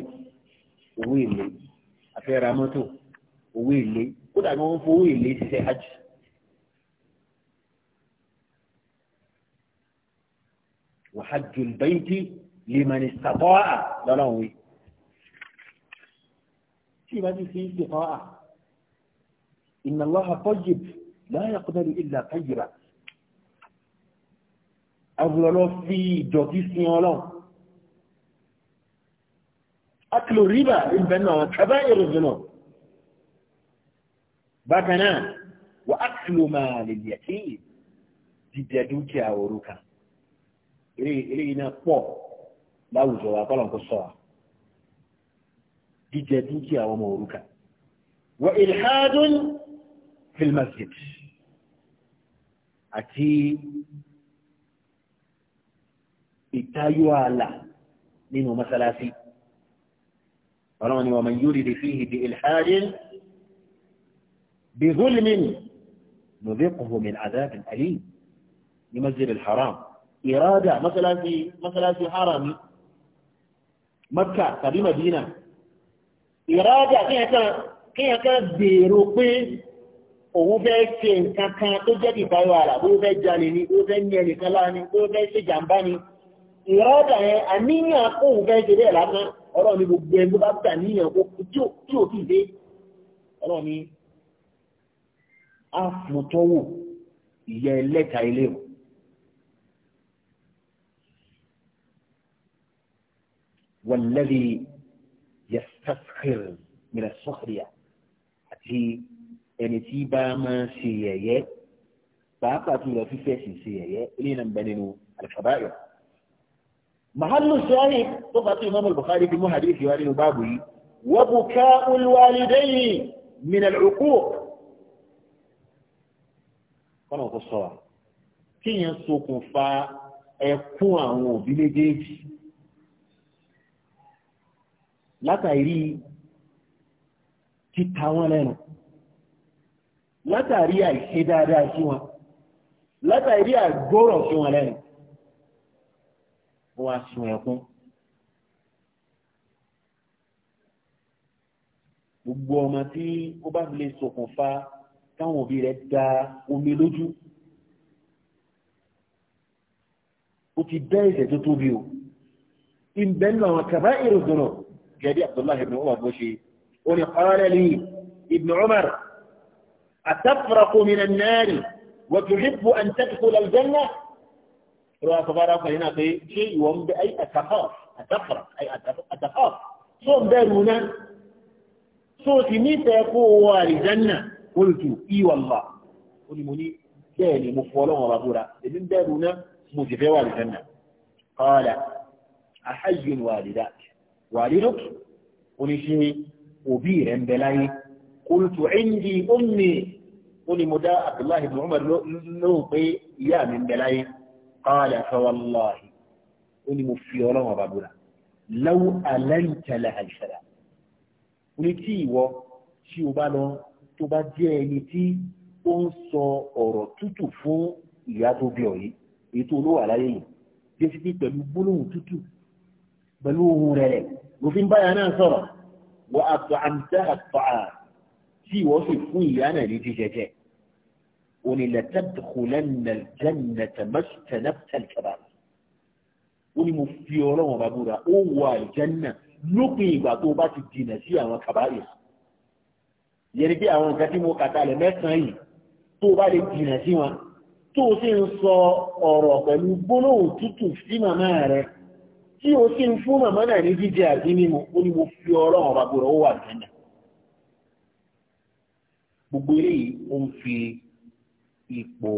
owó èlé afẹ́ ra mọ́tò owó èlé kódà ni wọ́n fowó èlé ṣiṣẹ́ hajj. وحج البيت لمن استطاع لولا وي في ما في استطاعه ان الله طيب لا يقبل الا طيبا agbọ̀lọ́ fi ìdọ̀tí sí ọlọ́run akìlò ríbà ìbẹ̀nà àwọn tàbá ìrìnà bákanáà wà akìlò máa lè yẹ̀ kí jíjẹ dúkìá òrùka eré iná pọ̀ láwùjọ akọ́lọ̀ kò sọ́wà jíjẹ dúkìá ọmọ òrùka wà ìlhádùn fil àti ìtayọ ààlà nínú mọ́sálásí ọlọ́run ni wọ́n máa ń yúrìdì fíhì bí ilhajin bí zulmin nudhiquhu min adhabin alim ní masjid alharam ìrádà mọ́sálásí harami makka tàbí madina ìrádà kíyàn kan gbèrò pé òun fẹ́ ṣe nǹkan kan tó jẹ́ ìtayọ ààlà bó fẹ́ jalè ni bó fẹ́ ní ẹnìkan láàrin bó fẹ́ ṣèjàmbá ni. ìrọ́dà yẹn àníyàn kóhùn fẹ́ ṣe bẹ́ẹ̀ lásán ọ̀rọ̀ ni gbogbo ẹgbẹ́ bá gbà níyàn kó tí ò tí ì dé ọ̀rọ̀ ni àfùtọ́wò ìyẹ ẹlẹ́ta ilé o. wàlẹ́bí yẹsàkìr mìíràn sọ́kìrìà àti ẹni tí bá máa ṣe yẹ̀yẹ́ pàápàá tó lọ fífẹ́ sì ṣe yẹ̀yẹ́ eléyìí náà ń bẹ nínú àlùfáà báyọ̀ mahallu shahid tó bá tí imam al-bukhari bí mú hadithi wa nínú báàbù yìí wa buka'ul walidayni min al-uquq kọ́nà kò sọ wa kíyàn ṣokùnfà ẹkún àwọn òbí méjèèjì látàrí títa wọn lẹ́nu látàrí àìṣe dáadáa sí wọn látàrí àgbọ́rọ̀ sí wọn lẹ́nu ó wá sun ẹkún. gbogbo ọmọ tí ó bá fi lè ṣokùnfà káwọn òbí rẹ̀ da omi lójú ó ti dá ẹ̀ṣẹ̀ tó tóbi o ìbẹ̀ nínú àwọn kàbá èrò dùnà gẹ̀ẹ́dí abdullahi ibn umar bó ṣe ó ní qala li ibn umar atafraqu min an-nar wa tuhibbu an tadkhula al-janna ìrọ̀ àtọ́fà dákọ̀ yìí náà pé ṣé ìwọ ń bẹ àtàkọ́ àtàkọ́ àtàkọ́ tó ń bẹ̀rù náà tó sì nífẹ̀ẹ́ kó wọ àlìjánà olùtù ìwàlá ó ní mo ní bẹ́ẹ̀ ni mo fọ́ ọlọ́wọ́n bá búra èmi ń bẹ̀rù náà mo sì fẹ́ wà àlìjánà kọ́ọ̀dà àhàyùn wàlídà wàlídùk ó ní ṣe òbí rẹ̀ ń bẹ láyé olùtù ẹ̀ńdì ó ní mo dá Abdullahi ibn Umar lóhùn pé ìyá mi ń bẹ láyé qala fa wallahi ó ní mo fi ọlọ́run ọba búra law alayta laha al-salam ó ní tí ìwọ tí o bá lọ tó bá jẹ́ ẹni tí ó ń sọ ọ̀rọ̀ tútù fún ìyá tó bí ọ yìí èyí tó olówó àlàyé yìí jẹ́sí pé pẹ̀lú gbólóhùn tútù pẹ̀lú ohun rẹ̀ rẹ̀ òfin báyà náà sọ̀rọ̀ wọ́n àtọ̀ àmì tí ìwọ sì fún ìyá náà ní jíjẹ òní lẹ́tẹ̀dùkúlẹ́nà jẹ́nẹ̀tẹ̀ mẹ́sùtẹ̀nẹ́tẹ̀lẹ́kẹ̀bà ó ní mo fi ọlọ́wọ́n bá búra ó wọ àìjẹ́nà lópin ìgbà tó bá ti dìnà sí àwọn kàbárì yẹni bí àwọn nǹkan tí mo kàtà lẹ̀ mẹ́sàn-án yìí tó bá lè dìnà sí wọn tó o sì ń sọ ọ̀rọ̀ pẹ̀lú gbólóhùn tútù sí màmá rẹ tí o sì ń fún màmá náà ní jíjẹ àti mímu ó ní mo fi ọlọ́wọ́n bá búra ó wà àìjẹ́nà gbogbo eléyìí ó ń fi ipò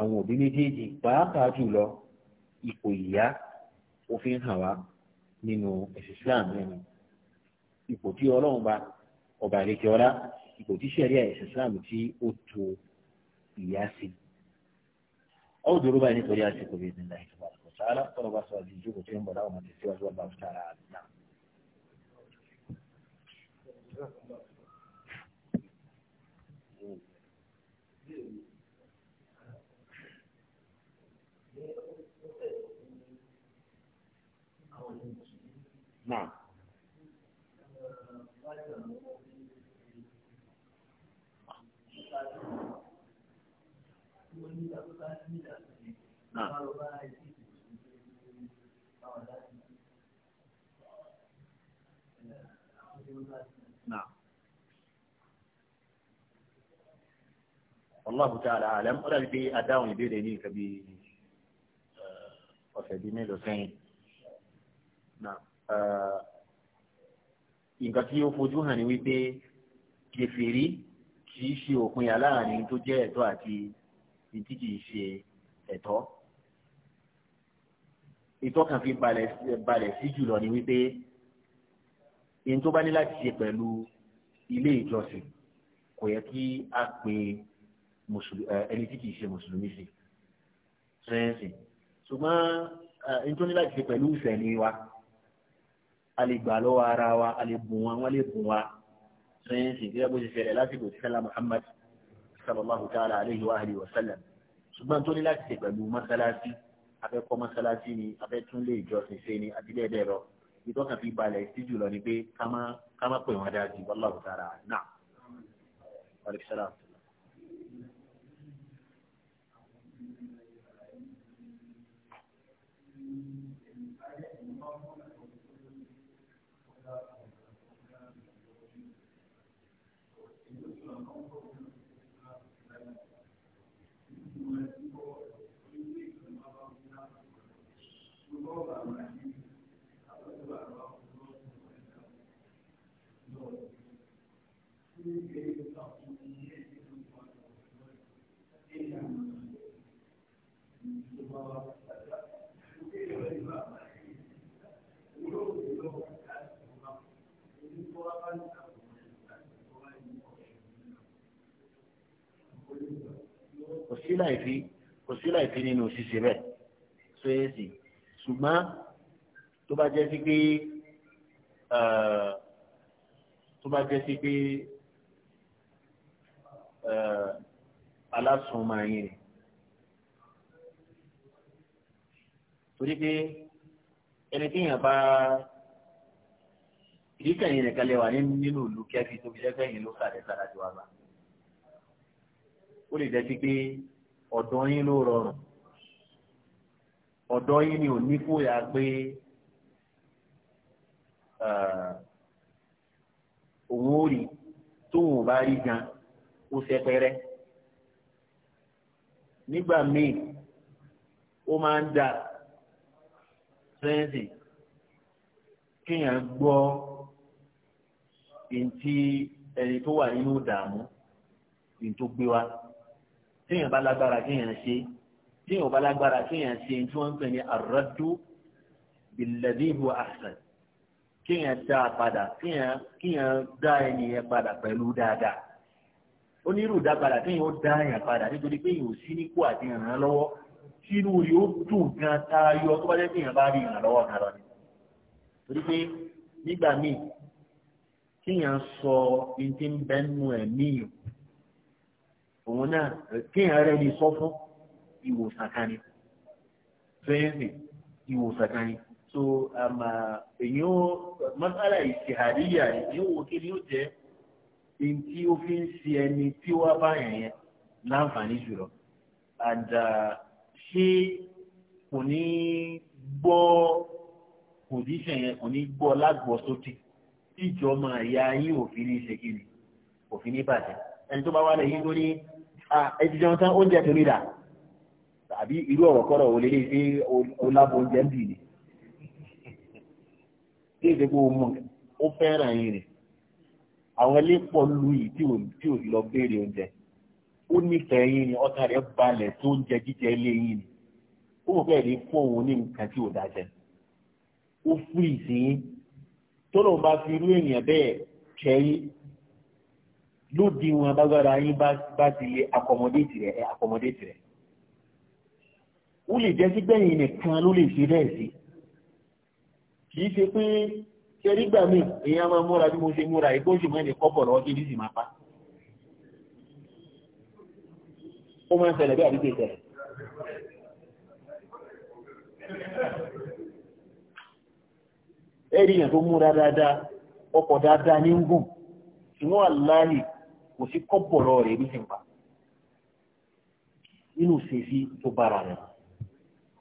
àwọn òbí méjèèjì pàápàá jùlọ ipò ìyá òfin hàn wá nínú ẹ̀sìn nínú ipò tí ọlọ́run bá ọba àlejò ọlá ipò tí sẹ́ríà ẹ̀sìn tí ó tu ìyá sí. أو دروبا يعني تولي أشكو بإذن الله تبارك وتعالى طلب نعم. نعم نعم والله تعالى أعلم ولا بدي أداوم بيديني كبي أه، وفي ديني لسين نعم nǹkan tí ó fojú hàn ní wípé kèfèrí kìí ṣe òpin aláàárín tó jẹ́ ẹ̀tọ́ àti ìdí kìí ṣe ẹ̀tọ́ ìtọ́kàn fi balẹ̀ sí jùlọ ni wípé ihun tó bá ní láti ṣe pẹ̀lú ilé ìjọsìn kò yẹ kí a pè ẹni tí kìí ṣe mùsùlùmí sí ṣẹ́yìn sí ṣùgbọ́n ihun tó ní láti ṣe pẹ̀lú ìfẹ́ wa a lè gbà lọ́wọ́ ara wa a lè bùn wọn wọ́n lè bùn wa sẹ́yìn sì gẹ́gẹ́ bó ṣe ṣẹlẹ̀ lásìkò tí sẹ́lá Muhammad sallallahu ta'ala alayhi wa alihi wa sallam ṣùgbọ́n tó ní láti ṣe pẹ̀lú mọ́sálásí afẹ́kọ́ mọ́sálásí ni afẹ́túnlé ìjọsìn ṣe ni àti bẹ́ẹ̀ bẹ́ẹ̀ lọ ìtọ́ka fi balẹ̀ sí jùlọ ni pé ká má pè wọ́n dájú wallahu ta'ala náà. Aleyhi Thank you. sí láìfi kò sí láìfi nínú ṣíṣe bẹ́ẹ̀ tó yẹ sí ṣùgbọ́n tó bá jẹ́ sí pé tó bá jẹ́ sí pé alásùnmọ̀ yẹn torí pé ẹni tí yẹn bá ìdíkà yìí nìkan lè wà nínú ìlú kẹfì tó fi jẹ́ fẹ́yìn ló sàrẹ̀ sára ju wa bá ó lè jẹ́ sí pé ọ̀dọ̀ yín ló rọrùn ọ̀dọ̀ yín ni ò ní fòyà pé eh, òun ò rí tóun ò bá rí gan ó ṣẹpẹrẹ nígbà míì ó máa ń dà sẹ́ǹsì kéèyàn gbọ́ èyí tí ẹni tó wà nínú ìdààmú èyí tó gbé wá téèyàn bá lágbára kéèyàn ṣe téèyàn bá lágbára kéèyàn ṣe tí wọ́n ń pè ní àrọ́dú billadhi huwa ahsan kéèyàn dá a padà kéèyàn dá ẹnìyẹn padà pẹ̀lú dáadáa onírú dá padà kéèyàn ó dá ẹ̀yàn padà nítorí pé yóò sí nípò àti ìrànlọ́wọ́ sínú yóò dùn gan tayọ tó bá jẹ́ kéèyàn bá rí ìrànlọ́wọ́ kan lọ ni torí pé nígbà míì kéèyàn sọ ní ti ń bẹ́nu ẹ̀mí yìí òun náà kéèyàn rẹ ní sọ fún ìwòsàn kan ni fẹẹsì ìwòsàn kan ni so àmà um, èyàn mọ́sálà ìṣèhàdíyà èyàn wò kí ni ó jẹ́ ẹni tí ó fi ń ṣe ẹni tí ó wá báyàn yẹn láǹfààní jùlọ and uh, ṣé kò ní gbọ́ position yẹn kò ní gbọ́ lágbọ́ sókè tíjọ́ máa ya yín òfin ní ṣe kí ni òfin ní bàjẹ́ ẹni tó bá wà lẹ́yìn lórí ẹtì jẹun tán oúnjẹ tó nílà àbí irú ọ̀rọ̀ kọ́rọ̀ ò lè lè ṣe olábọ̀ oúnjẹ ń bì ní. ṣé èdè kó o mọ̀ ó fẹ́ràn yín rè àwọn ilé pọ̀ lu yìí tí ò tí lọ béèrè oúnjẹ ó nífẹ̀ẹ́ yín ni ọ̀tá rẹ̀ balẹ̀ tó oúnjẹ jíjẹ ilé yín ni ó mọ̀ fẹ́ẹ̀ lè fún òun ní nǹkan tí ò dájẹ́ ó fún ìsìn tó lóun bá fi irú èèyàn bẹ́ẹ̀ kẹ́yìn lóde wọn bágbára yín bá ti lè accommodate rẹ ẹ accommodate rẹ ó lè jẹ́ nìkan ló lè ṣe bẹ́ẹ̀ sí kìí ṣe pé ṣẹ́rígbà mi èèyàn máa múra bí mo ṣe múra èkó sì máa ń sì máa pa ó máa ń ṣẹlẹ̀ bí àdúgbò ìṣẹ̀lẹ̀ tó múra dáadáa kò sí kọ́bọ̀rọ̀ rẹ̀ ní ìjọba nínú ṣèṣì tó bára rẹ̀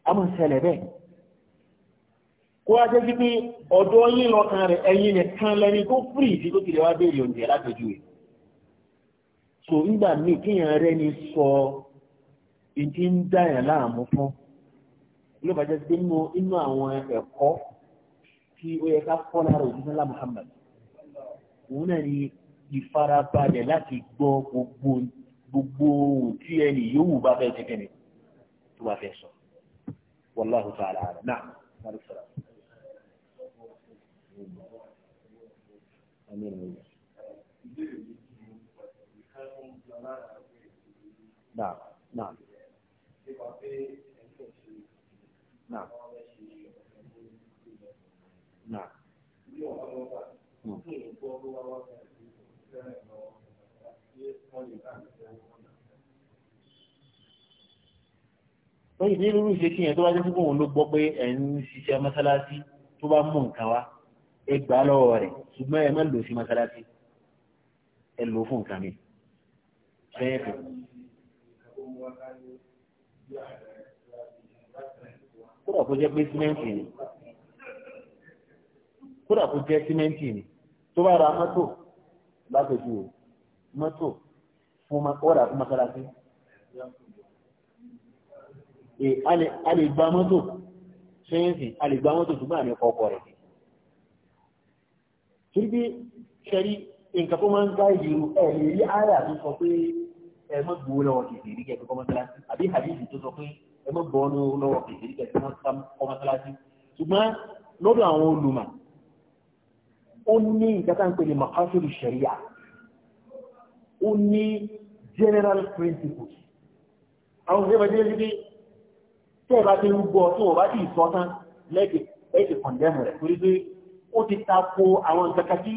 a máa ṣẹlẹ̀ bẹ́ẹ̀ kó wá jẹ́ sí pé ọ̀dọ́ yín lọ́kàn rẹ̀ ẹ̀yin nìkan lẹ́ni tó fìrì sí tó tilẹ̀ wá béèrè oúnjẹ látọ̀jú rẹ̀ so nígbà míì kéèyàn rẹ̀ ni sọ ìdí ń dáyàn láàmú fún ló bá jẹ́ sí pé nínú àwọn ẹ̀kọ́ tí ó yẹ ká kọ́ lára òjijì ńlá Muhammad òun náà ni ìfarabalẹ̀ láti gbọ́ gbogbo gbogbo tí ẹni yòówù bá fẹ́ ṣe kẹ́ni tó bá fẹ́ sọ wallahu ta'ala ààrẹ náà wọ́n sọ̀rọ̀. Naam, naam. Naam. Naam. Naam. Hmm ó sì ní irú ìṣesí yẹn tó wá jẹ́ fún òun ló gbọ́ pé ẹ̀ ń ṣiṣẹ́ mọ́sálásí tó bá mú nǹkan wá ẹ gbà á lọ́wọ́ rẹ̀ ṣùgbọ́n ẹ má lò sí mọ́sálásí ẹ lò fún nǹkan mi fẹ́ẹ́ fẹ́. kódà kó jẹ́ pé símẹ́ǹtì ni kódà kó jẹ́ símẹ́ǹtì ni tó bá ra mọ́tò lápẹ̀jù mọ́tò ó rà fún masalasi a lè gba mọ́tò ṣẹ́yìnsì a lè gba mọ́tò ṣùgbọ́n àmì ọkọ̀ rẹ̀ ṣíbí ṣẹ́rí nǹkan tó máa ń gbá ìdìrú ẹ̀ lè rí ààrẹ àti sọ pé ẹ mọ́ gbowó lọ́wọ́ kìkì rí kẹ́kẹ́ kọ́ masalasi àbí hadithi tó sọ pé ẹ mọ́ gbowó lọ́wọ́ kìkì rí kẹ́kẹ́ kọ́ masalasi ṣùgbọ́n lọ́dọ̀ àwọn olùmọ̀ ó ní nǹkan tá ń pè ní makasiru ṣẹ̀ríà ó ní general principles àwọn òṣèré bàjẹ́ lórí tẹ́ ẹ bá ti ń gbọ́ tó o bá ti sọ tán lẹ́ẹ̀kẹ́ ẹ̀kẹ́ kọ̀ndẹ́mù rẹ̀ torí pé ó ti ta ko àwọn kankan tí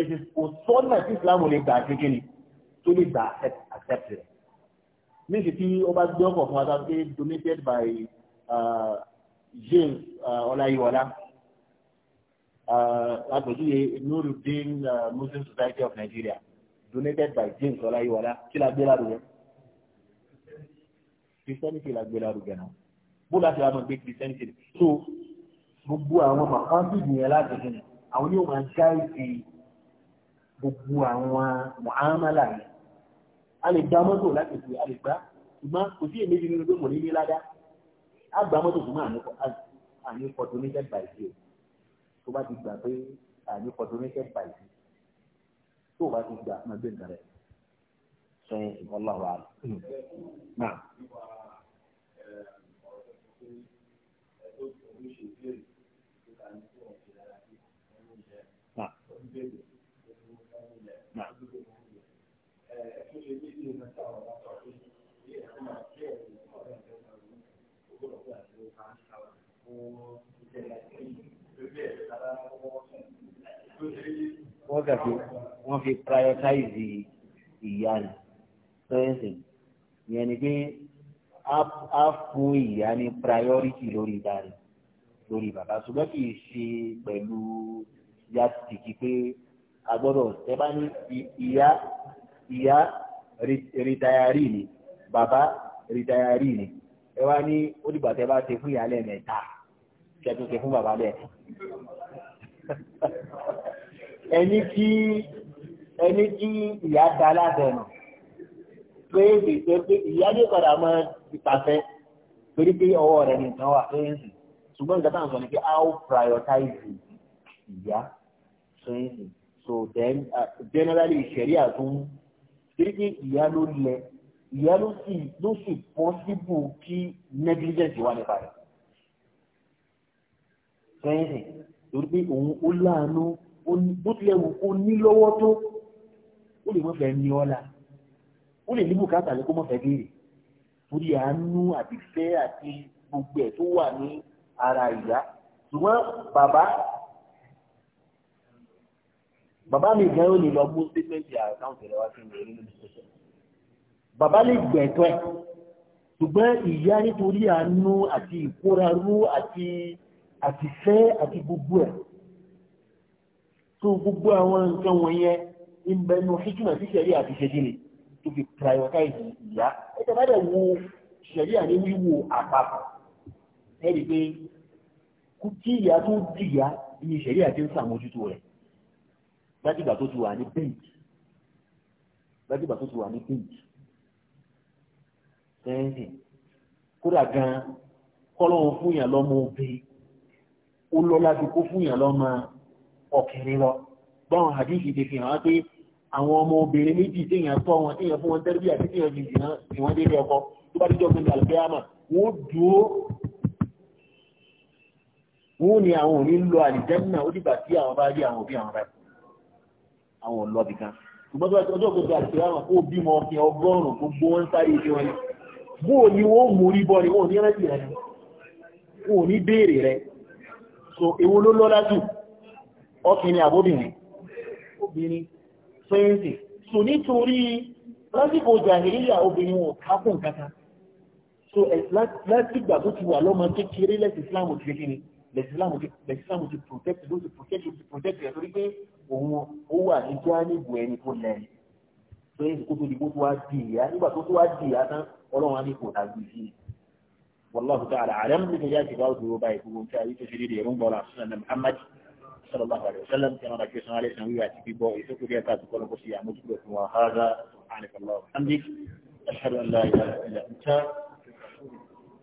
èsì kò sọ́nà tí Islam lè gbà gẹ́gẹ́ ni tó lè gbà accept rẹ̀ méjì tí ó bá gbé ọkọ̀ fún wa ta donated by uh, James uh, Ọláyíwọlá uh, agbèjúwe Nurudeen uh, Muslim Society of Nigeria donated by James Ọláyíwọlá kí la gbé lárugẹ Christianity la gbé lárugẹ náà bóòlù àti àwọn gbé Christianity so gbogbo àwọn mọ̀kánsìlì yẹn láti fi àwọn yóò máa gáìdì gbogbo àwọn mọ̀hámàlà yẹn a lè gba mọ́tò láti fi a lè gbá ṣùgbọ́n kò sí èmi nínú pé mo ní ní ládá a gba mọ́tò ṣùgbọ́n àní kọ́ donated by James tó bá ti gbà pé àní kọ́ donated by James tó o bá ti gbà máa gbé nǹkan rẹ̀ sọ yẹn ìfọláwà rẹ̀ náà. Thank you wọ́n kà fi wọ́n fi prioritize ìyá ni sọ́yẹ́sì ìyẹn ni pé á fún ìyá ní priority lórí dáre lórí bàbá ṣùgbọ́n kì í ṣe pẹ̀lú yàtìkì pé a gbọ́dọ̀ ẹ bá ní ìyá ìyá rìtayárì ni bàbá rìtayárì ni ẹ wá ní ó dìgbà tẹ bá ṣe fún ìyá lẹ́ẹ̀mẹ́ta kẹtù ṣe fún bàbá lẹ́ẹ̀kan. ẹni tí ẹni tí ìyá da aládẹ̀nà pé èdè pé ìyá ní padà máa ti pàṣẹ torí pé ọwọ́ rẹ̀ nìkan wà pé ń sìn ṣùgbọ́n ìgbà táwọn sọ ni pé how prioritize ìyá so ń sìn so then uh, generally ìṣẹ̀rí àtún torí pé ìyá ló lẹ ìyá ló sì ló sì possible kí negligence wà nípa rẹ̀ so ń sìn torí pé òun ó láàánú bó tilẹ̀ wù kó ní lọ́wọ́ tó ó lè mọ̀ fẹ́ ní ọ́la ó lè ní bùkátà lè kó mọ̀ fẹ́ béèrè torí àánú àti fẹ́ àti gbogbo ẹ̀ tó wà ní ara ìyá ṣùgbọ́n bàbá bàbá mi gan yóò lè lọ mú sípẹ́ǹtì àkáǹtì rẹ wá sí mi nínú ìṣẹ̀ṣẹ̀ bàbá lè gbẹ̀tọ́ ẹ̀ ṣùgbọ́n ìyá nítorí àánú àti ìkóraró àti àti àti gbogbo ẹ̀ tó gbogbo àwọn nǹkan wọ̀nyẹn ń bẹ nu hikima sí sẹ̀ríà àti ṣe kíni tó fi prioritize ìyá ẹ̀jẹ̀ bá dẹ̀ wo sẹ̀ríà ní wíwo àpapọ̀ ẹ̀rí pé kú kí ìyá tó dìyà ní sẹ̀ríà ti ń sàmójútó rẹ̀ látìgbà tó ti wà ní bẹ́ǹkì látìgbà tó ti wà ní bẹ́ǹkì sẹ́yìn kódà gan-an fún yàn lọ́mọ obìnrin ó lọ́lá ju kó fún yàn lọ́mọ ọkùnrin lọ báwọn àdíjì ti fi hàn pé àwọn ọmọ obìnrin méjì téèyàn tọ́ wọn téèyàn fún wọn tẹ́rẹ́bí àti téèyàn jìjì náà tí wọ́n délé ọkọ tó bá díjọ́ gbẹ̀ngà àlùkẹ́yàmà wọ́n dúó wọ́n ní àwọn òní ń lọ àlìjẹ́nà ó dìgbà tí àwọn bá rí àwọn òbí àwọn báyìí àwọn ọlọ́bì kan ṣùgbọ́n tó bá tọ́jú ọ̀gbẹ̀gbẹ̀ àlùkẹ́yàmà kó bímọ ọkẹ ọgọ́rùn-ún gbogbo wọn sáré ìṣe wọn bó o ní wọ́n mú rí bọ́ ni wọ́n ní rántí ọkùnrin àbóbìnrin obìnrin fẹ́ǹsì so nítorí lásìkò jàhìríyà obìnrin wọn kákùn kata so láti gbà tó ti wà lọ́mọ kékeré lẹ́sì islamu ti kékeré lẹ́sìlámù ti protect ló ti protect ló ti protect rẹ̀ torí pé òun ó wà ní jáníbù ẹni tó lẹ́yìn fẹ́ǹsì kó tó di kó tó wá di ìyá nígbà tó tó wá di ìyá tán ọlọ́run á ní kò tàbí sí i. والله تعالى أعلم بنجاة بعض وبايك ومتى يتشريد يرون بولا سنة محمد sallallahu alaihi wasallam yana da kisan alai san wiya cikin bo isa ku ya ka su kola bosi ya mutu da kuma hada subhanaka allahumma hamdik ashhadu an la ilaha illa anta